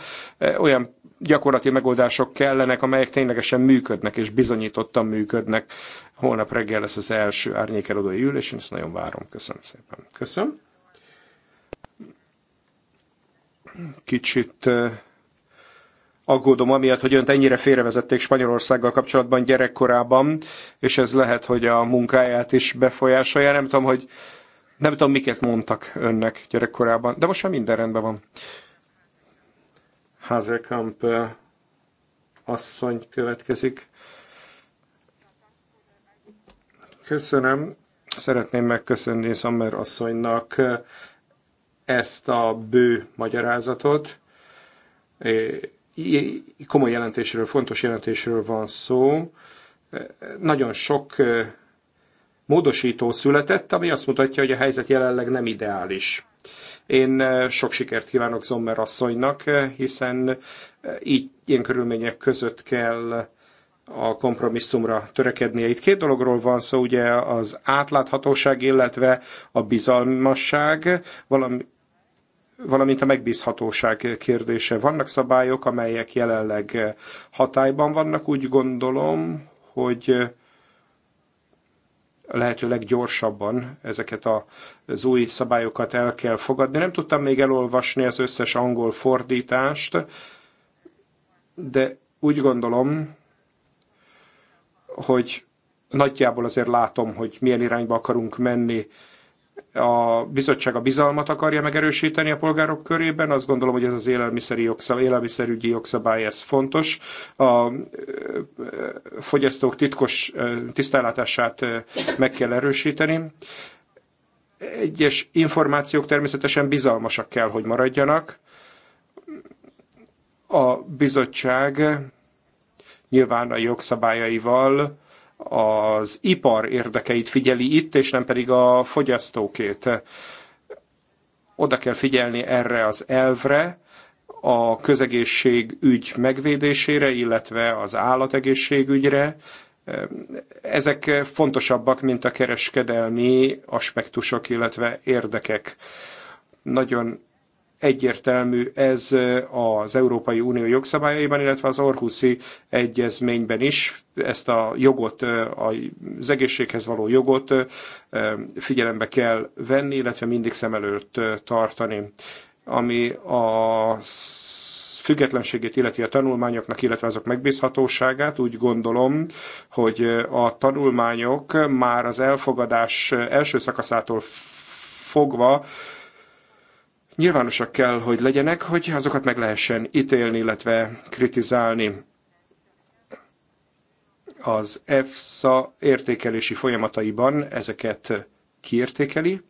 Olyan gyakorlati megoldások kellenek, amelyek ténylegesen működnek, és bizonyítottan működnek. Holnap reggel lesz az első árnyékelodói ülés, én ezt nagyon várom. Köszönöm szépen. Köszönöm. Kicsit aggódom amiatt, hogy önt ennyire félrevezették Spanyolországgal kapcsolatban gyerekkorában, és ez lehet, hogy a munkáját is befolyásolja. Nem tudom, hogy nem tudom, miket mondtak önnek gyerekkorában, de most már minden rendben van. Hazelkamp asszony következik. Köszönöm. Szeretném megköszönni Sommer asszonynak ezt a bő magyarázatot komoly jelentésről, fontos jelentésről van szó. Nagyon sok módosító született, ami azt mutatja, hogy a helyzet jelenleg nem ideális. Én sok sikert kívánok Zommer asszonynak, hiszen így ilyen körülmények között kell a kompromisszumra törekednie. Itt két dologról van szó, ugye az átláthatóság, illetve a bizalmasság, valami, valamint a megbízhatóság kérdése. Vannak szabályok, amelyek jelenleg hatályban vannak, úgy gondolom, hogy lehetőleg gyorsabban ezeket a, az új szabályokat el kell fogadni. Nem tudtam még elolvasni az összes angol fordítást, de úgy gondolom, hogy nagyjából azért látom, hogy milyen irányba akarunk menni a bizottság a bizalmat akarja megerősíteni a polgárok körében. Azt gondolom, hogy ez az élelmiszeri jogszabály, élelmiszerügyi jogszabály, ez fontos. A fogyasztók titkos tisztállátását meg kell erősíteni. Egyes információk természetesen bizalmasak kell, hogy maradjanak. A bizottság nyilván a jogszabályaival az ipar érdekeit figyeli itt, és nem pedig a fogyasztókét. Oda kell figyelni erre az elvre, a közegészségügy megvédésére, illetve az állategészségügyre. Ezek fontosabbak, mint a kereskedelmi aspektusok, illetve érdekek. Nagyon egyértelmű ez az Európai Unió jogszabályaiban, illetve az Orhuszi Egyezményben is ezt a jogot, az egészséghez való jogot figyelembe kell venni, illetve mindig szem előtt tartani. Ami a függetlenségét illeti a tanulmányoknak, illetve azok megbízhatóságát. Úgy gondolom, hogy a tanulmányok már az elfogadás első szakaszától fogva nyilvánosak kell, hogy legyenek, hogy azokat meg lehessen ítélni, illetve kritizálni. Az EFSA értékelési folyamataiban ezeket kiértékeli,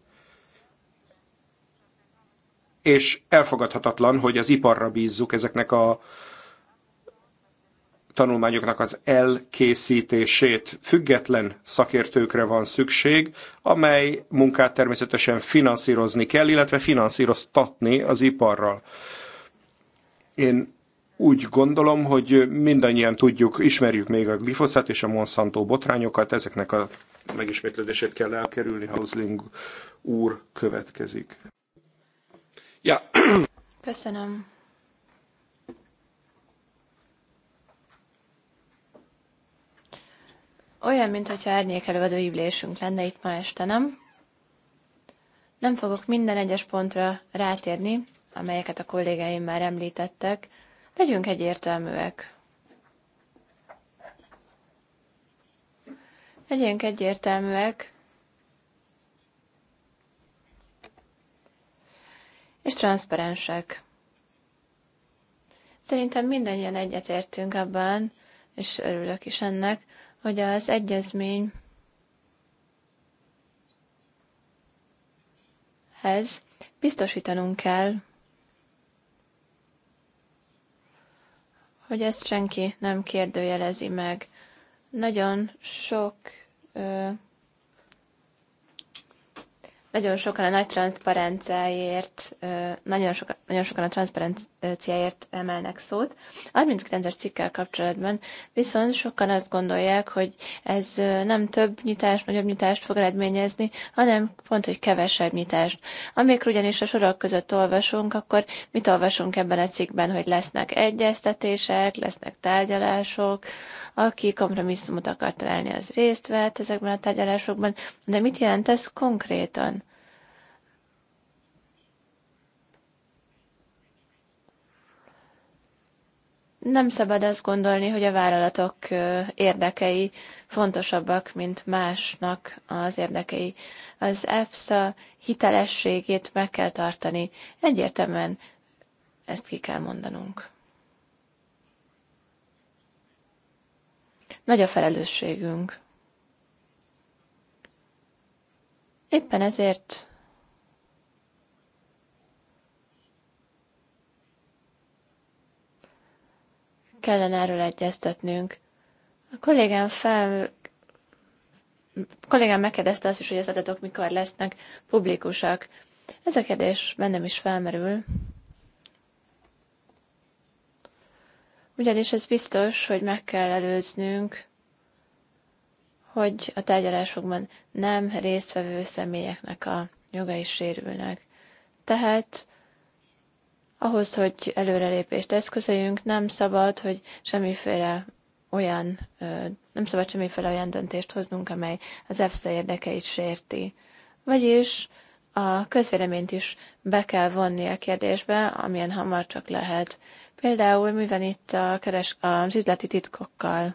és elfogadhatatlan, hogy az iparra bízzuk ezeknek a tanulmányoknak az elkészítését független szakértőkre van szükség, amely munkát természetesen finanszírozni kell, illetve finanszíroztatni az iparral. Én úgy gondolom, hogy mindannyian tudjuk, ismerjük még a glifoszát és a Monsanto botrányokat, ezeknek a megismétlődését kell elkerülni. Hausling úr következik. Ja.
Köszönöm. Olyan, mintha árnyékelőadó ülésünk lenne itt ma este, nem? Nem fogok minden egyes pontra rátérni, amelyeket a kollégáim már említettek. Legyünk egyértelműek. Legyünk egyértelműek. És transzparensek. Szerintem mindannyian egyetértünk abban, és örülök is ennek, hogy az ez biztosítanunk kell, hogy ezt senki nem kérdőjelezi meg. Nagyon sok ö, nagyon sokan a nagy transzparenciáért, nagyon, soka, nagyon sokan a transzparenciáért emelnek szót. A 39-es cikkel kapcsolatban viszont sokan azt gondolják, hogy ez nem több nyitást, nagyobb nyitást fog eredményezni, hanem pont, hogy kevesebb nyitást. Amikor ugyanis a sorok között olvasunk, akkor mit olvasunk ebben a cikkben, hogy lesznek egyeztetések, lesznek tárgyalások, aki kompromisszumot akar találni, az részt vett ezekben a tárgyalásokban, de mit jelent ez konkrétan? nem szabad azt gondolni, hogy a vállalatok érdekei fontosabbak, mint másnak az érdekei. Az EFSA hitelességét meg kell tartani. Egyértelműen ezt ki kell mondanunk. Nagy a felelősségünk. Éppen ezért kellene erről egyeztetnünk. A kollégám fel a kollégám megkérdezte azt is, hogy az adatok mikor lesznek publikusak. Ez a kérdés bennem is felmerül. Ugyanis ez biztos, hogy meg kell előznünk, hogy a tárgyalásokban nem résztvevő személyeknek a jogai sérülnek. Tehát ahhoz, hogy előrelépést eszközöljünk, nem szabad, hogy semmiféle olyan, nem szabad semmiféle olyan döntést hoznunk, amely az EFSA érdekeit sérti. Vagyis a közvéleményt is be kell vonni a kérdésbe, amilyen hamar csak lehet. Például mi van itt a keres, az üzleti titkokkal?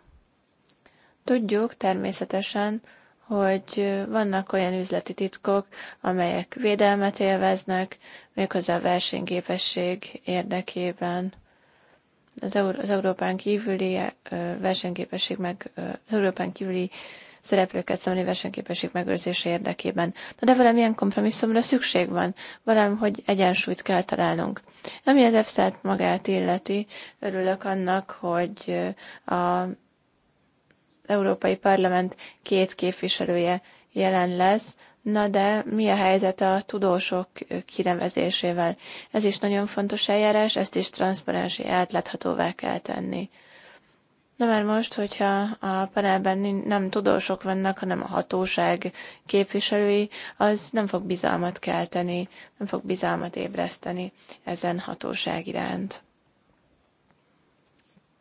Tudjuk természetesen, hogy vannak olyan üzleti titkok, amelyek védelmet élveznek, méghozzá a versenyképesség érdekében. Az, Euró- az Európán kívüli versenyképesség meg, az Európán kívüli szereplőket szemlé versenyképesség megőrzése érdekében. Na de valamilyen kompromisszumra szükség van, valami, hogy egyensúlyt kell találnunk. Ami az EFSZ-t magát illeti, örülök annak, hogy a Európai Parlament két képviselője jelen lesz, Na de mi a helyzet a tudósok kinevezésével? Ez is nagyon fontos eljárás, ezt is transzparensi átláthatóvá kell tenni. Na már most, hogyha a panelben nem tudósok vannak, hanem a hatóság képviselői, az nem fog bizalmat kelteni, nem fog bizalmat ébreszteni ezen hatóság iránt.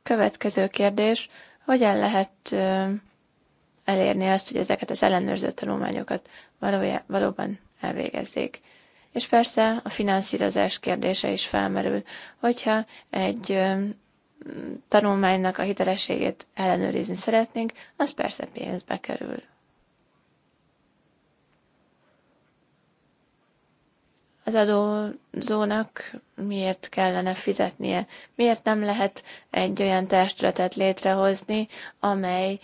Következő kérdés, hogyan lehet elérni azt, hogy ezeket az ellenőrző tanulmányokat valójá, valóban elvégezzék? És persze a finanszírozás kérdése is felmerül, hogyha egy tanulmánynak a hitelességét ellenőrizni szeretnénk, az persze pénzbe kerül. az adózónak miért kellene fizetnie, miért nem lehet egy olyan testületet létrehozni, amely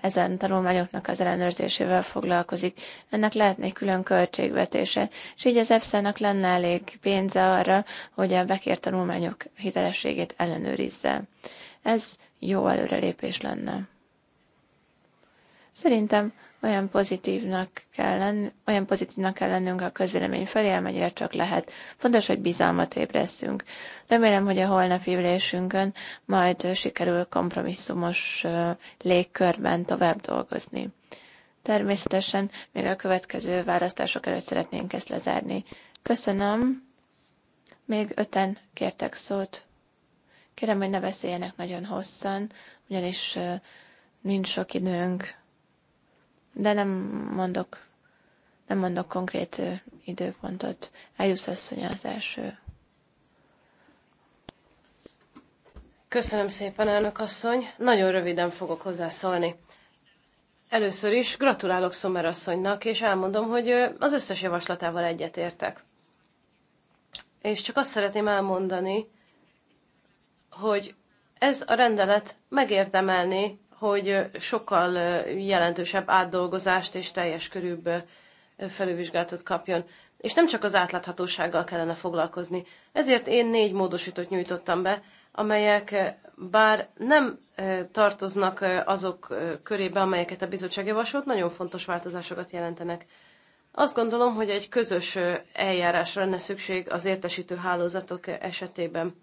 ezen tanulmányoknak az ellenőrzésével foglalkozik. Ennek lehetne külön költségvetése, és így az EFSA-nak lenne elég pénze arra, hogy a bekért tanulmányok hitelességét ellenőrizze. Ez jó előrelépés lenne. Szerintem olyan pozitívnak kell, lenn, olyan pozitívnak kell lennünk a közvélemény felé, amennyire csak lehet. Fontos, hogy bizalmat ébreszünk. Remélem, hogy a holnapi ülésünkön majd sikerül kompromisszumos légkörben tovább dolgozni. Természetesen még a következő választások előtt szeretnénk ezt lezárni. Köszönöm. Még öten kértek szót. Kérem, hogy ne beszéljenek nagyon hosszan, ugyanis nincs sok időnk de nem mondok, nem mondok konkrét időpontot. Eljussz asszony az első.
Köszönöm szépen, elnök asszony. Nagyon röviden fogok hozzászólni. Először is gratulálok Szomer asszonynak, és elmondom, hogy az összes javaslatával egyetértek. És csak azt szeretném elmondani, hogy ez a rendelet megérdemelni hogy sokkal jelentősebb átdolgozást és teljes körűbb felülvizsgálatot kapjon. És nem csak az átláthatósággal kellene foglalkozni. Ezért én négy módosítót nyújtottam be, amelyek bár nem tartoznak azok körébe, amelyeket a bizottság javasolt, nagyon fontos változásokat jelentenek. Azt gondolom, hogy egy közös eljárásra lenne szükség az értesítő hálózatok esetében.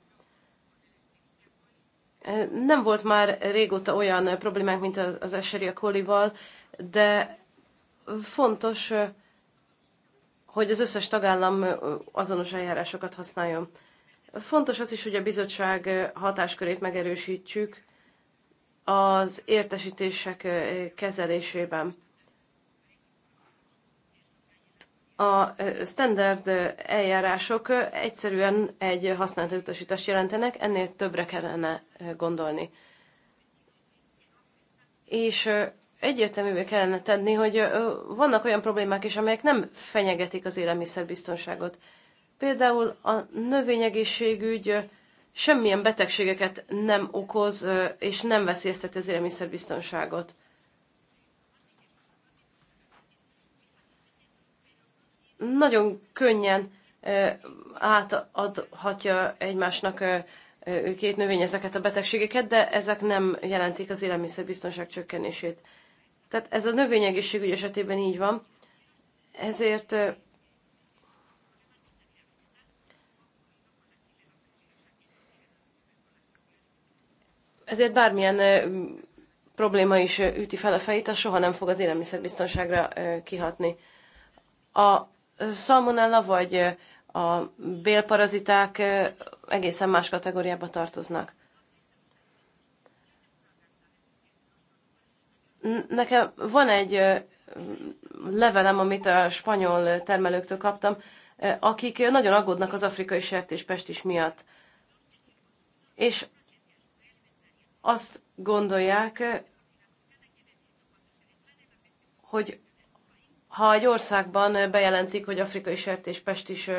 Nem volt már régóta olyan problémánk, mint az eseri a kolival, de fontos, hogy az összes tagállam azonos eljárásokat használjon. Fontos az is, hogy a bizottság hatáskörét megerősítsük az értesítések kezelésében. a standard eljárások egyszerűen egy használati utasítást jelentenek, ennél többre kellene gondolni. És egyértelművé kellene tenni, hogy vannak olyan problémák is, amelyek nem fenyegetik az élelmiszerbiztonságot. Például a növényegészségügy semmilyen betegségeket nem okoz, és nem veszélyezteti az élelmiszerbiztonságot. nagyon könnyen átadhatja egymásnak két növény ezeket a betegségeket, de ezek nem jelentik az élelmiszerbiztonság csökkenését. Tehát ez a növényegészségügy esetében így van, ezért ezért bármilyen probléma is üti fel a fejét, az soha nem fog az élelmiszerbiztonságra kihatni. A szalmonella vagy a bélparaziták egészen más kategóriába tartoznak. Nekem van egy levelem, amit a spanyol termelőktől kaptam, akik nagyon aggódnak az afrikai is miatt. És azt gondolják, hogy ha egy országban bejelentik, hogy afrikai sertéspest is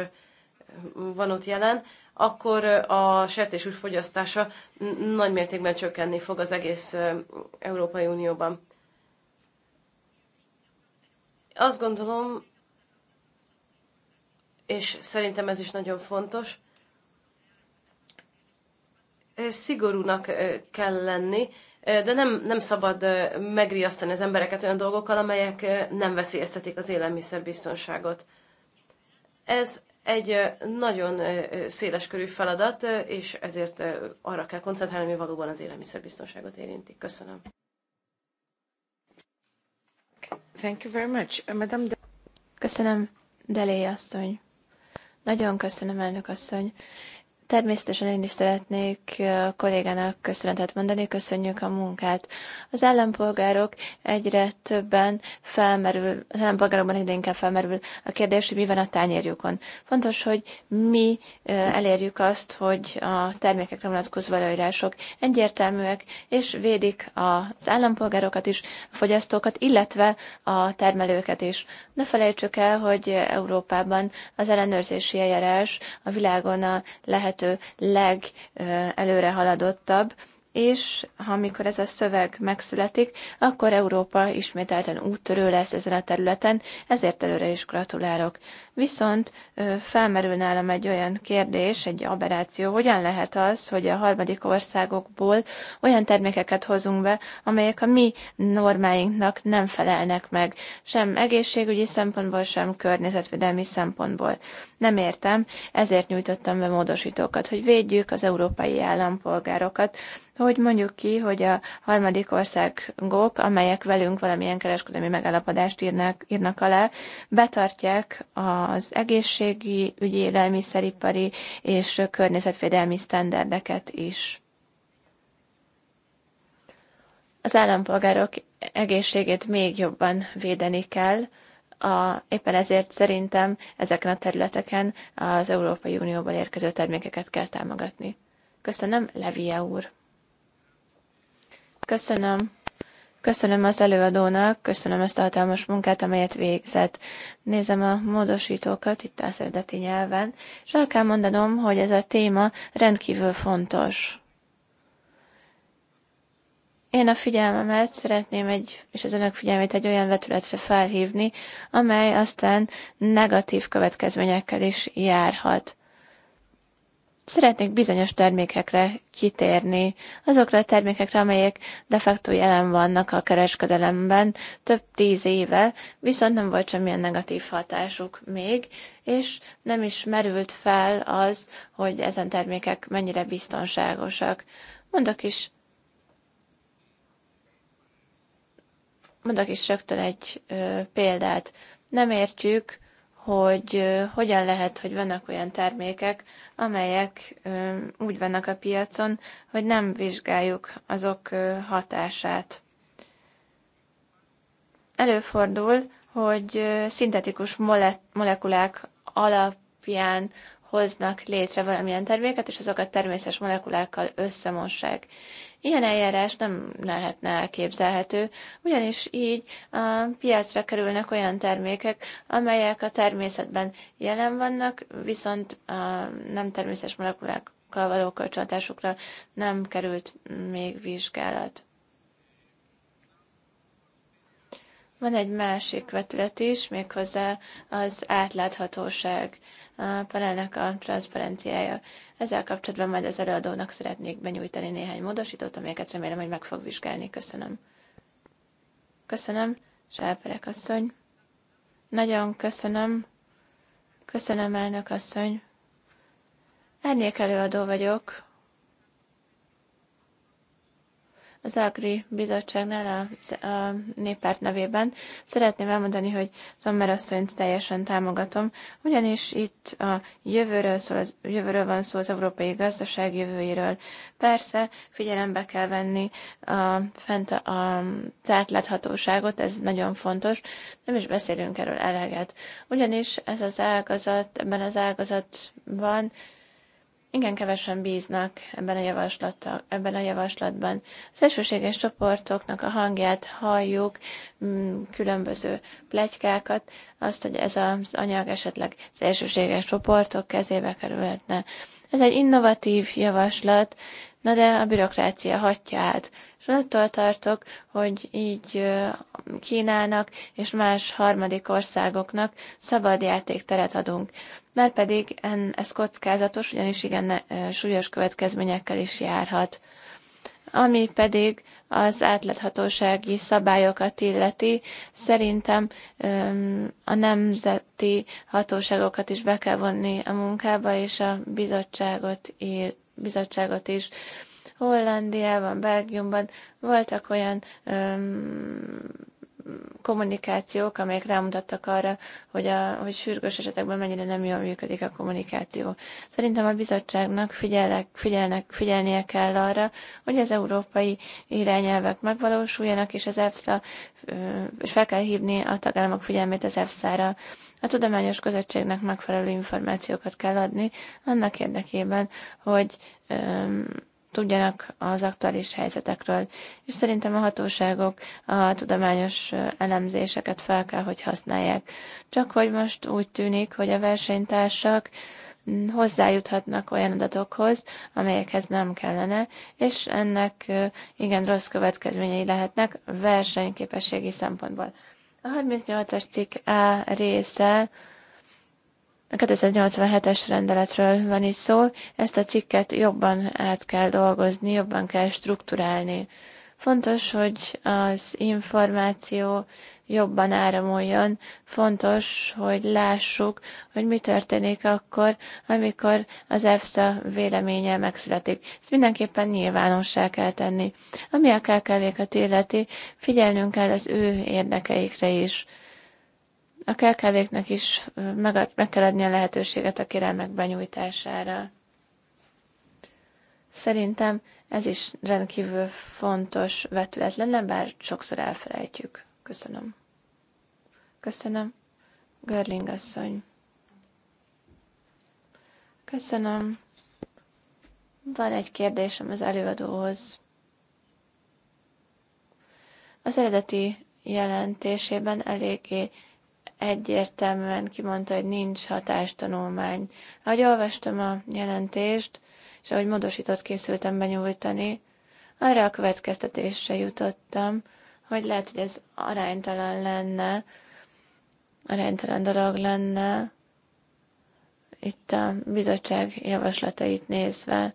van ott jelen, akkor a sertéshús fogyasztása nagy mértékben csökkenni fog az egész Európai Unióban. Azt gondolom, és szerintem ez is nagyon fontos, szigorúnak kell lenni, de nem, nem szabad megriasztani az embereket olyan dolgokkal, amelyek nem veszélyeztetik az élelmiszerbiztonságot. Ez egy nagyon széleskörű feladat, és ezért arra kell koncentrálni, ami valóban az élelmiszerbiztonságot érinti. Köszönöm.
Thank you very much. Uh, Madame de- köszönöm, Delé asszony. Nagyon köszönöm, elnök asszony. Természetesen én is szeretnék a kollégának köszönetet mondani, köszönjük a munkát. Az állampolgárok egyre többen felmerül, az állampolgárokban egyre inkább felmerül a kérdés, hogy mi van a tányérjukon. Fontos, hogy mi elérjük azt, hogy a termékekre vonatkozó előírások egyértelműek, és védik az állampolgárokat is, a fogyasztókat, illetve a termelőket is. Ne felejtsük el, hogy Európában az ellenőrzési eljárás a világon a lehető lehető legelőre haladottabb, és amikor ez a szöveg megszületik, akkor Európa ismételten úttörő lesz ezen a területen, ezért előre is gratulálok. Viszont felmerül nálam egy olyan kérdés, egy aberráció, hogyan lehet az, hogy a harmadik országokból olyan termékeket hozunk be, amelyek a mi normáinknak nem felelnek meg, sem egészségügyi szempontból, sem környezetvédelmi szempontból. Nem értem, ezért nyújtottam be módosítókat, hogy védjük az európai állampolgárokat, hogy mondjuk ki, hogy a harmadik országok, amelyek velünk valamilyen kereskedelmi megállapodást írnak, írnak alá, betartják a az egészségi, ügyi, élelmiszeripari és környezetvédelmi sztenderdeket is. Az állampolgárok egészségét még jobban védeni kell, a, éppen ezért szerintem ezeken a területeken az Európai Unióból érkező termékeket kell támogatni. Köszönöm, Levia úr! Köszönöm! Köszönöm az előadónak, köszönöm ezt a hatalmas munkát, amelyet végzett. Nézem a módosítókat itt az eredeti nyelven, és el kell mondanom, hogy ez a téma rendkívül fontos. Én a figyelmemet szeretném egy, és az önök figyelmét egy olyan vetületre felhívni, amely aztán negatív következményekkel is járhat. Szeretnék bizonyos termékekre kitérni, azokra a termékekre, amelyek facto jelen vannak a kereskedelemben több tíz éve, viszont nem volt semmilyen negatív hatásuk még, és nem is merült fel az, hogy ezen termékek mennyire biztonságosak. Mondok is mondok is rögtön egy ö, példát. Nem értjük, hogy hogyan lehet, hogy vannak olyan termékek, amelyek úgy vannak a piacon, hogy nem vizsgáljuk azok hatását. Előfordul, hogy szintetikus mole- molekulák alapján hoznak létre valamilyen terméket, és azokat természetes molekulákkal összemossák. Ilyen eljárás nem lehetne elképzelhető, ugyanis így a piacra kerülnek olyan termékek, amelyek a természetben jelen vannak, viszont a nem természetes molekulák való kölcsönhatásukra nem került még vizsgálat. Van egy másik vetület is, méghozzá az átláthatóság, a panelnek a transzparenciája. Ezzel kapcsolatban majd az előadónak szeretnék benyújtani néhány módosítót, amelyeket remélem, hogy meg fog vizsgálni. Köszönöm. Köszönöm, Sáperek asszony. Nagyon köszönöm. Köszönöm, elnök asszony. Árnyék előadó vagyok az Agri Bizottságnál a, a néppárt nevében. Szeretném elmondani, hogy Zommer asszonyt teljesen támogatom, ugyanis itt a jövőről, szól, az, jövőről van szó, az európai gazdaság jövőjéről. Persze figyelembe kell venni a, fent a, a átláthatóságot, ez nagyon fontos, nem is beszélünk erről eleget. Ugyanis ez az ágazat, ebben az ágazatban igen kevesen bíznak ebben a, ebben a javaslatban. Az elsőséges csoportoknak a hangját halljuk, mm, különböző plegykákat, azt, hogy ez az anyag esetleg az elsőséges csoportok kezébe kerülhetne. Ez egy innovatív javaslat, Na de a bürokrácia hatja át. És attól tartok, hogy így Kínának és más harmadik országoknak szabad játékteret adunk. mert pedig ez kockázatos, ugyanis igen súlyos következményekkel is járhat. Ami pedig az átláthatósági szabályokat illeti, szerintem a nemzeti hatóságokat is be kell vonni a munkába, és a bizottságot bizottságot is. Hollandiában, Belgiumban voltak olyan öm, kommunikációk, amelyek rámutattak arra, hogy, a, hogy sürgős esetekben mennyire nem jól működik a kommunikáció. Szerintem a bizottságnak figyelnek, figyelnek, figyelnie kell arra, hogy az európai irányelvek megvalósuljanak, és az EFSA, és fel kell hívni a tagállamok figyelmét az EFSA-ra. A tudományos közösségnek megfelelő információkat kell adni annak érdekében, hogy um, tudjanak az aktuális helyzetekről. És szerintem a hatóságok a tudományos elemzéseket fel kell, hogy használják. Csak hogy most úgy tűnik, hogy a versenytársak mm, hozzájuthatnak olyan adatokhoz, amelyekhez nem kellene, és ennek igen rossz következményei lehetnek versenyképességi szempontból. A 38-as cikk A része a 287-es rendeletről van itt szó, ezt a cikket jobban át kell dolgozni, jobban kell strukturálni. Fontos, hogy az információ jobban áramoljon, fontos, hogy lássuk, hogy mi történik akkor, amikor az EFSA véleménye megszületik. Ezt mindenképpen nyilvánossá kell tenni. Ami a KKV-kat illeti, figyelnünk kell az ő érdekeikre is. A KKV-knek is meg, meg kell adni a lehetőséget a kérelmek benyújtására. Szerintem ez is rendkívül fontos vetület lenne, bár sokszor elfelejtjük. Köszönöm. Köszönöm. Görling asszony. Köszönöm. Van egy kérdésem az előadóhoz. Az eredeti jelentésében eléggé egyértelműen kimondta, hogy nincs hatástanulmány. Ahogy olvastam a jelentést, és ahogy módosított készültem benyújtani, arra a következtetésre jutottam, hogy lehet, hogy ez aránytalan lenne, aránytalan dolog lenne, itt a bizottság javaslatait nézve.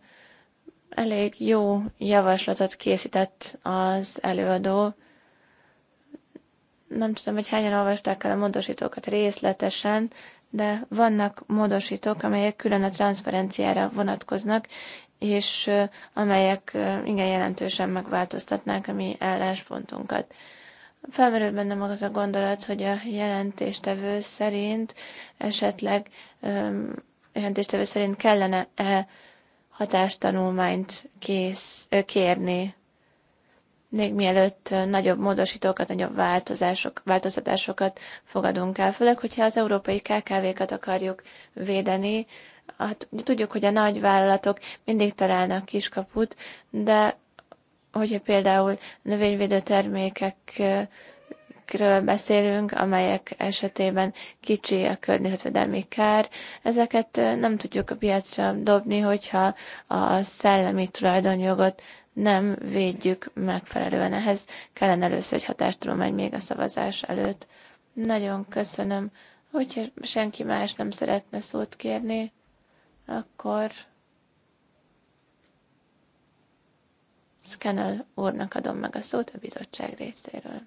Elég jó javaslatot készített az előadó. Nem tudom, hogy hányan olvasták el a módosítókat részletesen, de vannak módosítók, amelyek külön a transzparenciára vonatkoznak, és amelyek igen jelentősen megváltoztatnák a mi álláspontunkat. Felmerül bennem az a gondolat, hogy a jelentéstevő szerint esetleg jelentéstevő szerint kellene -e hatástanulmányt kész, kérni még mielőtt nagyobb módosítókat, nagyobb változások, változtatásokat fogadunk el, főleg, hogyha az európai KKV-kat akarjuk védeni, hát, tudjuk, hogy a nagy vállalatok mindig találnak kiskaput, de hogyha például növényvédő termékekről beszélünk, amelyek esetében kicsi a környezetvedelmi kár, ezeket nem tudjuk a piacra dobni, hogyha a szellemi tulajdonjogot nem védjük megfelelően. Ehhez kellene először egy hatástudomány még a szavazás előtt. Nagyon köszönöm. Hogyha senki más nem szeretne szót kérni, akkor
Scannell úrnak adom meg a szót a bizottság részéről.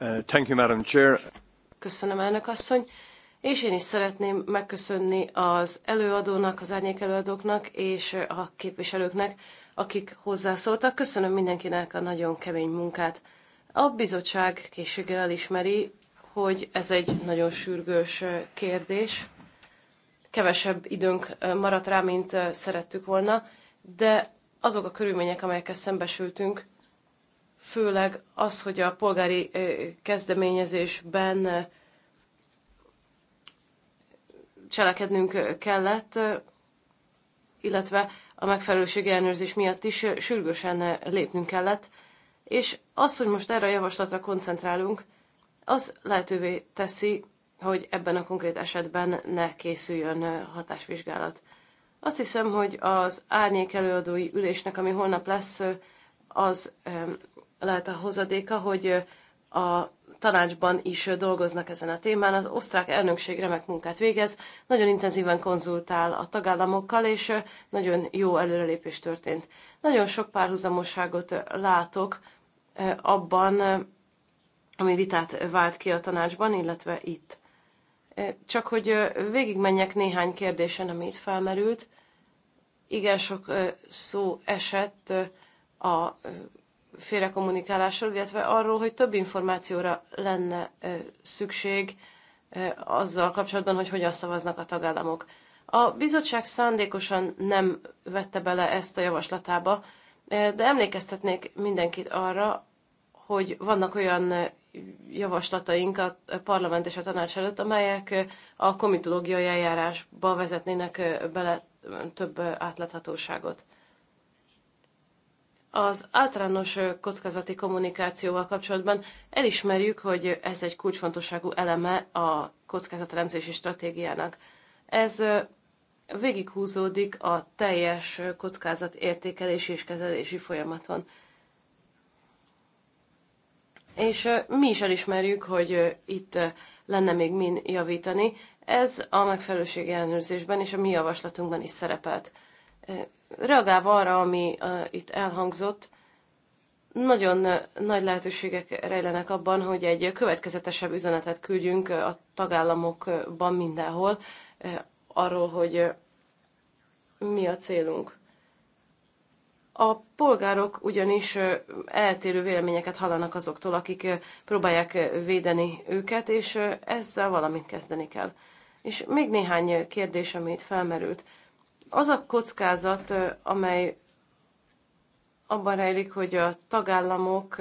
Uh, thank you, Madam Chair. Köszönöm, elnök asszony. És én is szeretném megköszönni az előadónak, az árnyék előadóknak és a képviselőknek, akik hozzászóltak. Köszönöm mindenkinek a nagyon kemény munkát. A bizottság készséggel elismeri, hogy ez egy nagyon sürgős kérdés. Kevesebb időnk maradt rá, mint szerettük volna, de azok a körülmények, amelyekkel szembesültünk, főleg az, hogy a polgári kezdeményezésben cselekednünk kellett, illetve a megfelelőségi ellenőrzés miatt is sürgősen lépnünk kellett, és az, hogy most erre a javaslatra koncentrálunk, az lehetővé teszi, hogy ebben a konkrét esetben ne készüljön hatásvizsgálat. Azt hiszem, hogy az árnyék előadói ülésnek, ami holnap lesz, az lehet a hozadéka, hogy a tanácsban is dolgoznak ezen a témán. Az osztrák elnökség remek munkát végez, nagyon intenzíven konzultál a tagállamokkal, és nagyon jó előrelépés történt. Nagyon sok párhuzamosságot látok abban, ami vitát vált ki a tanácsban, illetve itt. Csak hogy végigmenjek néhány kérdésen, ami itt felmerült. Igen, sok szó esett a félrekommunikálásról, illetve arról, hogy több információra lenne szükség azzal kapcsolatban, hogy hogyan szavaznak a tagállamok. A bizottság szándékosan nem vette bele ezt a javaslatába, de emlékeztetnék mindenkit arra, hogy vannak olyan javaslataink a parlament és a tanács előtt, amelyek a komitológiai eljárásba vezetnének bele több átláthatóságot. Az általános kockázati kommunikációval kapcsolatban elismerjük, hogy ez egy kulcsfontosságú eleme a kockázatelemzési stratégiának. Ez végighúzódik a teljes kockázat értékelési és kezelési folyamaton. És mi is elismerjük, hogy itt lenne még min javítani. Ez a megfelelőség ellenőrzésben és a mi javaslatunkban is szerepelt reagálva arra, ami uh, itt elhangzott, nagyon nagy lehetőségek rejlenek abban, hogy egy következetesebb üzenetet küldjünk a tagállamokban mindenhol arról, hogy mi a célunk. A polgárok ugyanis eltérő véleményeket hallanak azoktól, akik próbálják védeni őket, és ezzel valamit kezdeni kell. És még néhány kérdés, amit felmerült. Az a kockázat, amely abban rejlik, hogy a tagállamok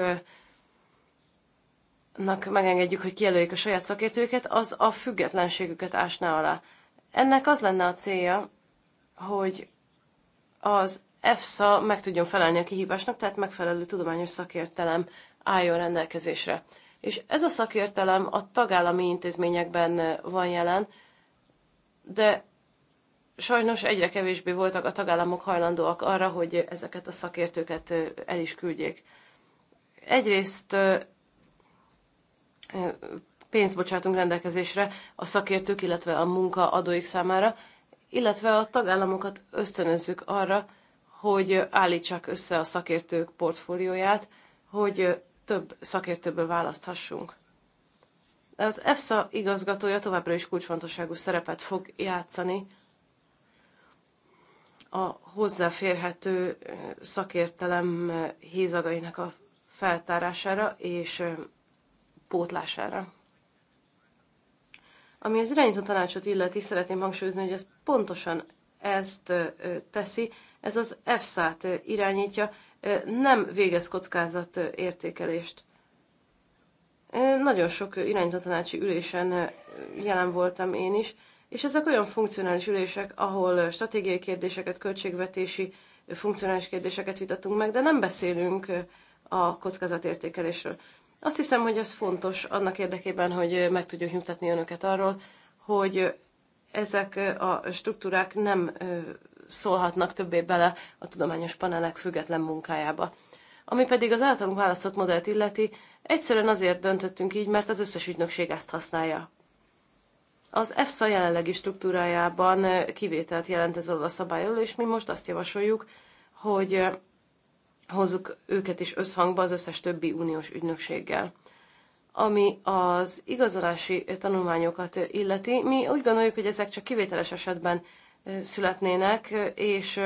megengedjük, hogy kijelöljék a saját szakértőket, az a függetlenségüket ásná alá. Ennek az lenne a célja, hogy az EFSA meg tudjon felelni a kihívásnak, tehát megfelelő tudományos szakértelem álljon rendelkezésre. És ez a szakértelem a tagállami intézményekben van jelen, de sajnos egyre kevésbé voltak a tagállamok hajlandóak arra, hogy ezeket a szakértőket el is küldjék. Egyrészt pénzt bocsátunk rendelkezésre a szakértők, illetve a munkaadóik számára, illetve a tagállamokat ösztönözzük arra, hogy állítsák össze a szakértők portfólióját, hogy több szakértőből választhassunk. Az EFSA igazgatója továbbra is kulcsfontosságú szerepet fog játszani a hozzáférhető szakértelem hézagainak a feltárására és pótlására. Ami az irányító tanácsot illeti, szeretném hangsúlyozni, hogy ez pontosan ezt teszi, ez az EFSA-t irányítja, nem végez kockázat értékelést. Nagyon sok irányító tanácsi ülésen jelen voltam én is, és ezek olyan funkcionális ülések, ahol stratégiai kérdéseket, költségvetési funkcionális kérdéseket vitatunk meg, de nem beszélünk a kockázatértékelésről. Azt hiszem, hogy ez fontos annak érdekében, hogy meg tudjuk nyugtatni önöket arról, hogy ezek a struktúrák nem szólhatnak többé bele a tudományos panelek független munkájába. Ami pedig az általunk választott modellt illeti, egyszerűen azért döntöttünk így, mert az összes ügynökség ezt használja. Az EFSA jelenlegi struktúrájában kivételt jelent ez a szabályról, és mi most azt javasoljuk, hogy hozzuk őket is összhangba az összes többi uniós ügynökséggel. Ami az igazolási tanulmányokat illeti, mi úgy gondoljuk, hogy ezek csak kivételes esetben születnének, és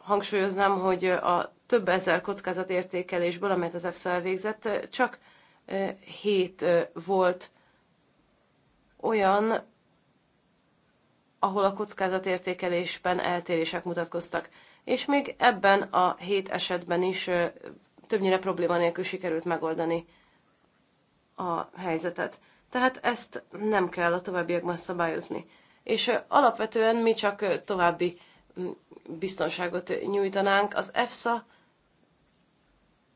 hangsúlyoznám, hogy a több ezer kockázatértékelésből, amelyet az EFSA elvégzett, csak hét volt olyan, ahol a kockázatértékelésben eltérések mutatkoztak. És még ebben a hét esetben is többnyire probléma nélkül sikerült megoldani a helyzetet. Tehát ezt nem kell a továbbiakban szabályozni. És alapvetően mi csak további biztonságot nyújtanánk. Az EFSA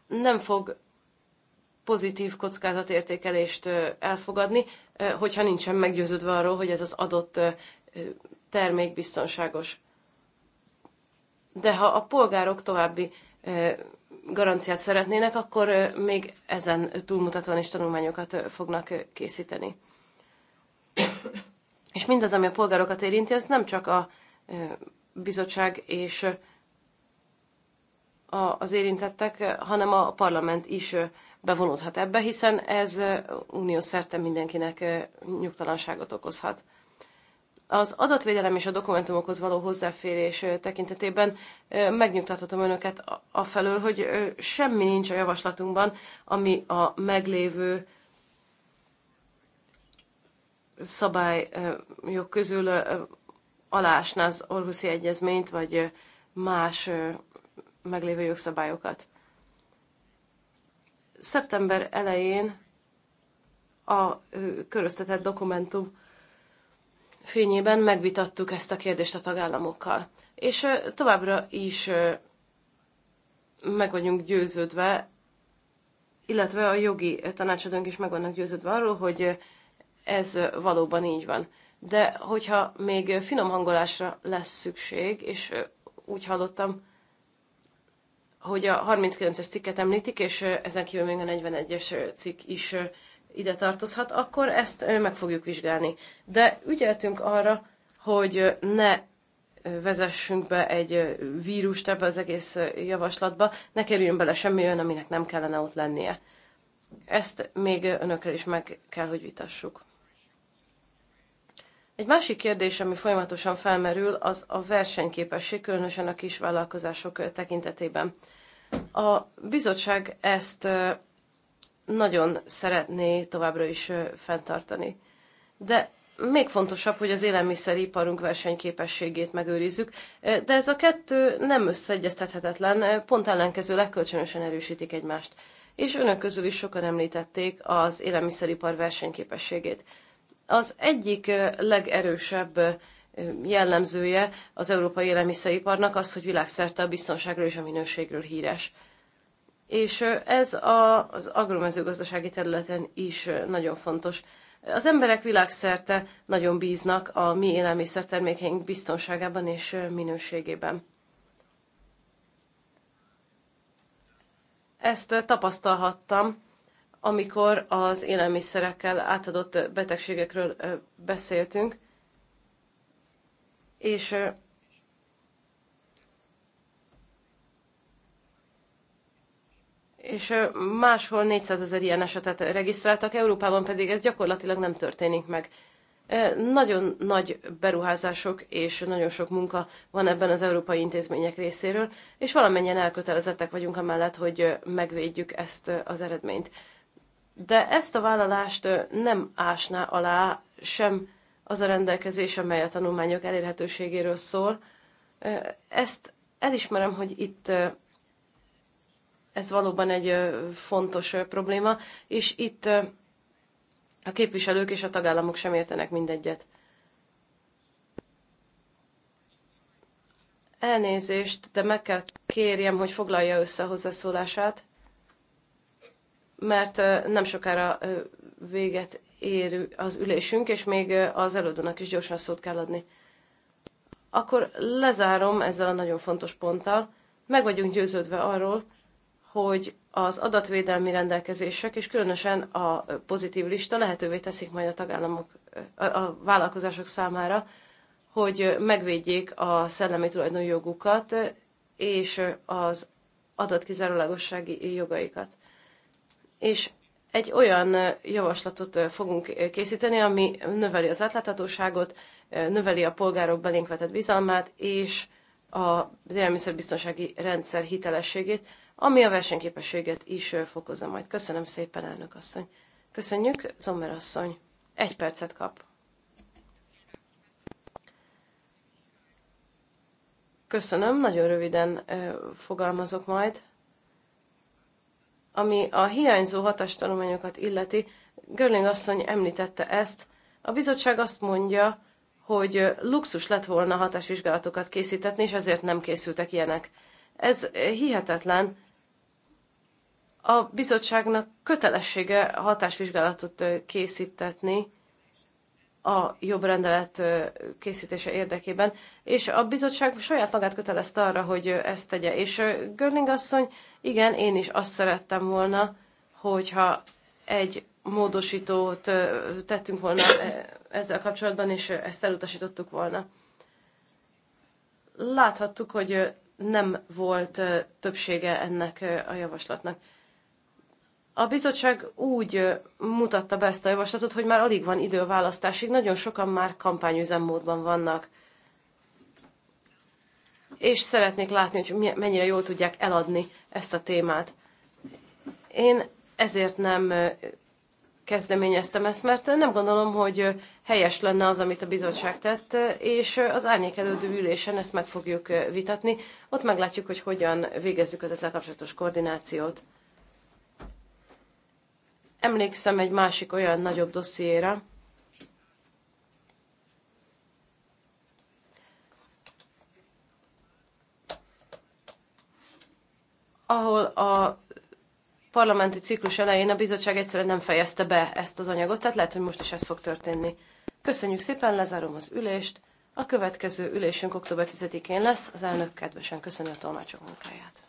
nem fog pozitív kockázatértékelést elfogadni, hogyha nincsen meggyőződve arról, hogy ez az adott termék biztonságos. De ha a polgárok további garanciát szeretnének, akkor még ezen túlmutatóan is tanulmányokat fognak készíteni. És mindaz, ami a polgárokat érinti, az nem csak a bizottság és az érintettek, hanem a parlament is bevonódhat ebbe, hiszen ez unió szerte mindenkinek nyugtalanságot okozhat. Az adatvédelem és a dokumentumokhoz való hozzáférés tekintetében megnyugtathatom önöket afelől, hogy semmi nincs a javaslatunkban, ami a meglévő szabályok közül alásná az Orhuszi Egyezményt, vagy más meglévő jogszabályokat. Szeptember elején a köröztetett dokumentum fényében megvitattuk ezt a kérdést a tagállamokkal. És továbbra is meg vagyunk győződve, illetve a jogi tanácsadónk is meg vannak győződve arról, hogy ez valóban így van. De hogyha még finom hangolásra lesz szükség, és úgy hallottam, hogy a 39-es cikket említik, és ezen kívül még a 41-es cikk is ide tartozhat, akkor ezt meg fogjuk vizsgálni. De ügyeltünk arra, hogy ne vezessünk be egy vírust ebbe az egész javaslatba, ne kerüljön bele semmi olyan, aminek nem kellene ott lennie. Ezt még önökkel is meg kell, hogy vitassuk. Egy másik kérdés, ami folyamatosan felmerül, az a versenyképesség, különösen a kisvállalkozások tekintetében. A bizottság ezt nagyon szeretné továbbra is fenntartani. De még fontosabb, hogy az élelmiszeriparunk versenyképességét megőrizzük, de ez a kettő nem összeegyeztethetetlen, pont ellenkezőleg kölcsönösen erősítik egymást. És önök közül is sokan említették az élelmiszeripar versenyképességét. Az egyik legerősebb jellemzője az európai élelmiszeriparnak az, hogy világszerte a biztonságról és a minőségről híres. És ez a, az agromezőgazdasági területen is nagyon fontos. Az emberek világszerte nagyon bíznak a mi élelmiszertermékeink biztonságában és minőségében. Ezt tapasztalhattam, amikor az élelmiszerekkel átadott betegségekről beszéltünk, és és máshol 400 ezer ilyen esetet regisztráltak, Európában pedig ez gyakorlatilag nem történik meg. Nagyon nagy beruházások és nagyon sok munka van ebben az európai intézmények részéről, és valamennyien elkötelezettek vagyunk amellett, hogy megvédjük ezt az eredményt. De ezt a vállalást nem ásná alá sem az a rendelkezés, amely a tanulmányok elérhetőségéről szól. Ezt elismerem, hogy itt ez valóban egy fontos probléma, és itt a képviselők és a tagállamok sem értenek mindegyet. Elnézést, de meg kell kérjem, hogy foglalja össze a hozzászólását, mert nem sokára véget ér az ülésünk, és még az előadónak is gyorsan szót kell adni. Akkor lezárom ezzel a nagyon fontos ponttal. Meg vagyunk győződve arról, hogy az adatvédelmi rendelkezések, és különösen a pozitív lista lehetővé teszik majd a tagállamok, a vállalkozások számára, hogy megvédjék a szellemi tulajdonjogukat és az adatkizárólagossági jogaikat. És egy olyan javaslatot fogunk készíteni, ami növeli az átláthatóságot, növeli a polgárok belénk vetett bizalmát, és az élelmiszerbiztonsági rendszer hitelességét, ami a versenyképességet is fokozza majd. Köszönöm szépen, elnök asszony. Köszönjük, Zommer asszony. Egy percet kap. Köszönöm, nagyon röviden fogalmazok majd. Ami a hiányzó hatástanulmányokat illeti, Görling asszony említette ezt, a bizottság azt mondja, hogy luxus lett volna hatásvizsgálatokat készítetni, és ezért nem készültek ilyenek. Ez hihetetlen. A bizottságnak kötelessége hatásvizsgálatot készítetni a jobb rendelet készítése érdekében, és a bizottság saját magát kötelezte arra, hogy ezt tegye. És Görling asszony igen, én is azt szerettem volna, hogyha egy módosítót tettünk volna ezzel kapcsolatban, és ezt elutasítottuk volna. Láthattuk, hogy nem volt többsége ennek a javaslatnak. A bizottság úgy mutatta be ezt a javaslatot, hogy már alig van idő a választásig, nagyon sokan már kampányüzemmódban vannak és szeretnék látni, hogy mennyire jól tudják eladni ezt a témát. Én ezért nem kezdeményeztem ezt, mert nem gondolom, hogy helyes lenne az, amit a bizottság tett, és az árnyékelődő ülésen ezt meg fogjuk vitatni. Ott meglátjuk, hogy hogyan végezzük az ezzel kapcsolatos koordinációt. Emlékszem egy másik olyan nagyobb dossziéra, ahol a parlamenti ciklus elején a bizottság egyszerűen nem fejezte be ezt az anyagot, tehát lehet, hogy most is ez fog történni. Köszönjük szépen, lezárom az ülést. A következő ülésünk október 10-én lesz, az elnök kedvesen köszöni a tolmácsok munkáját.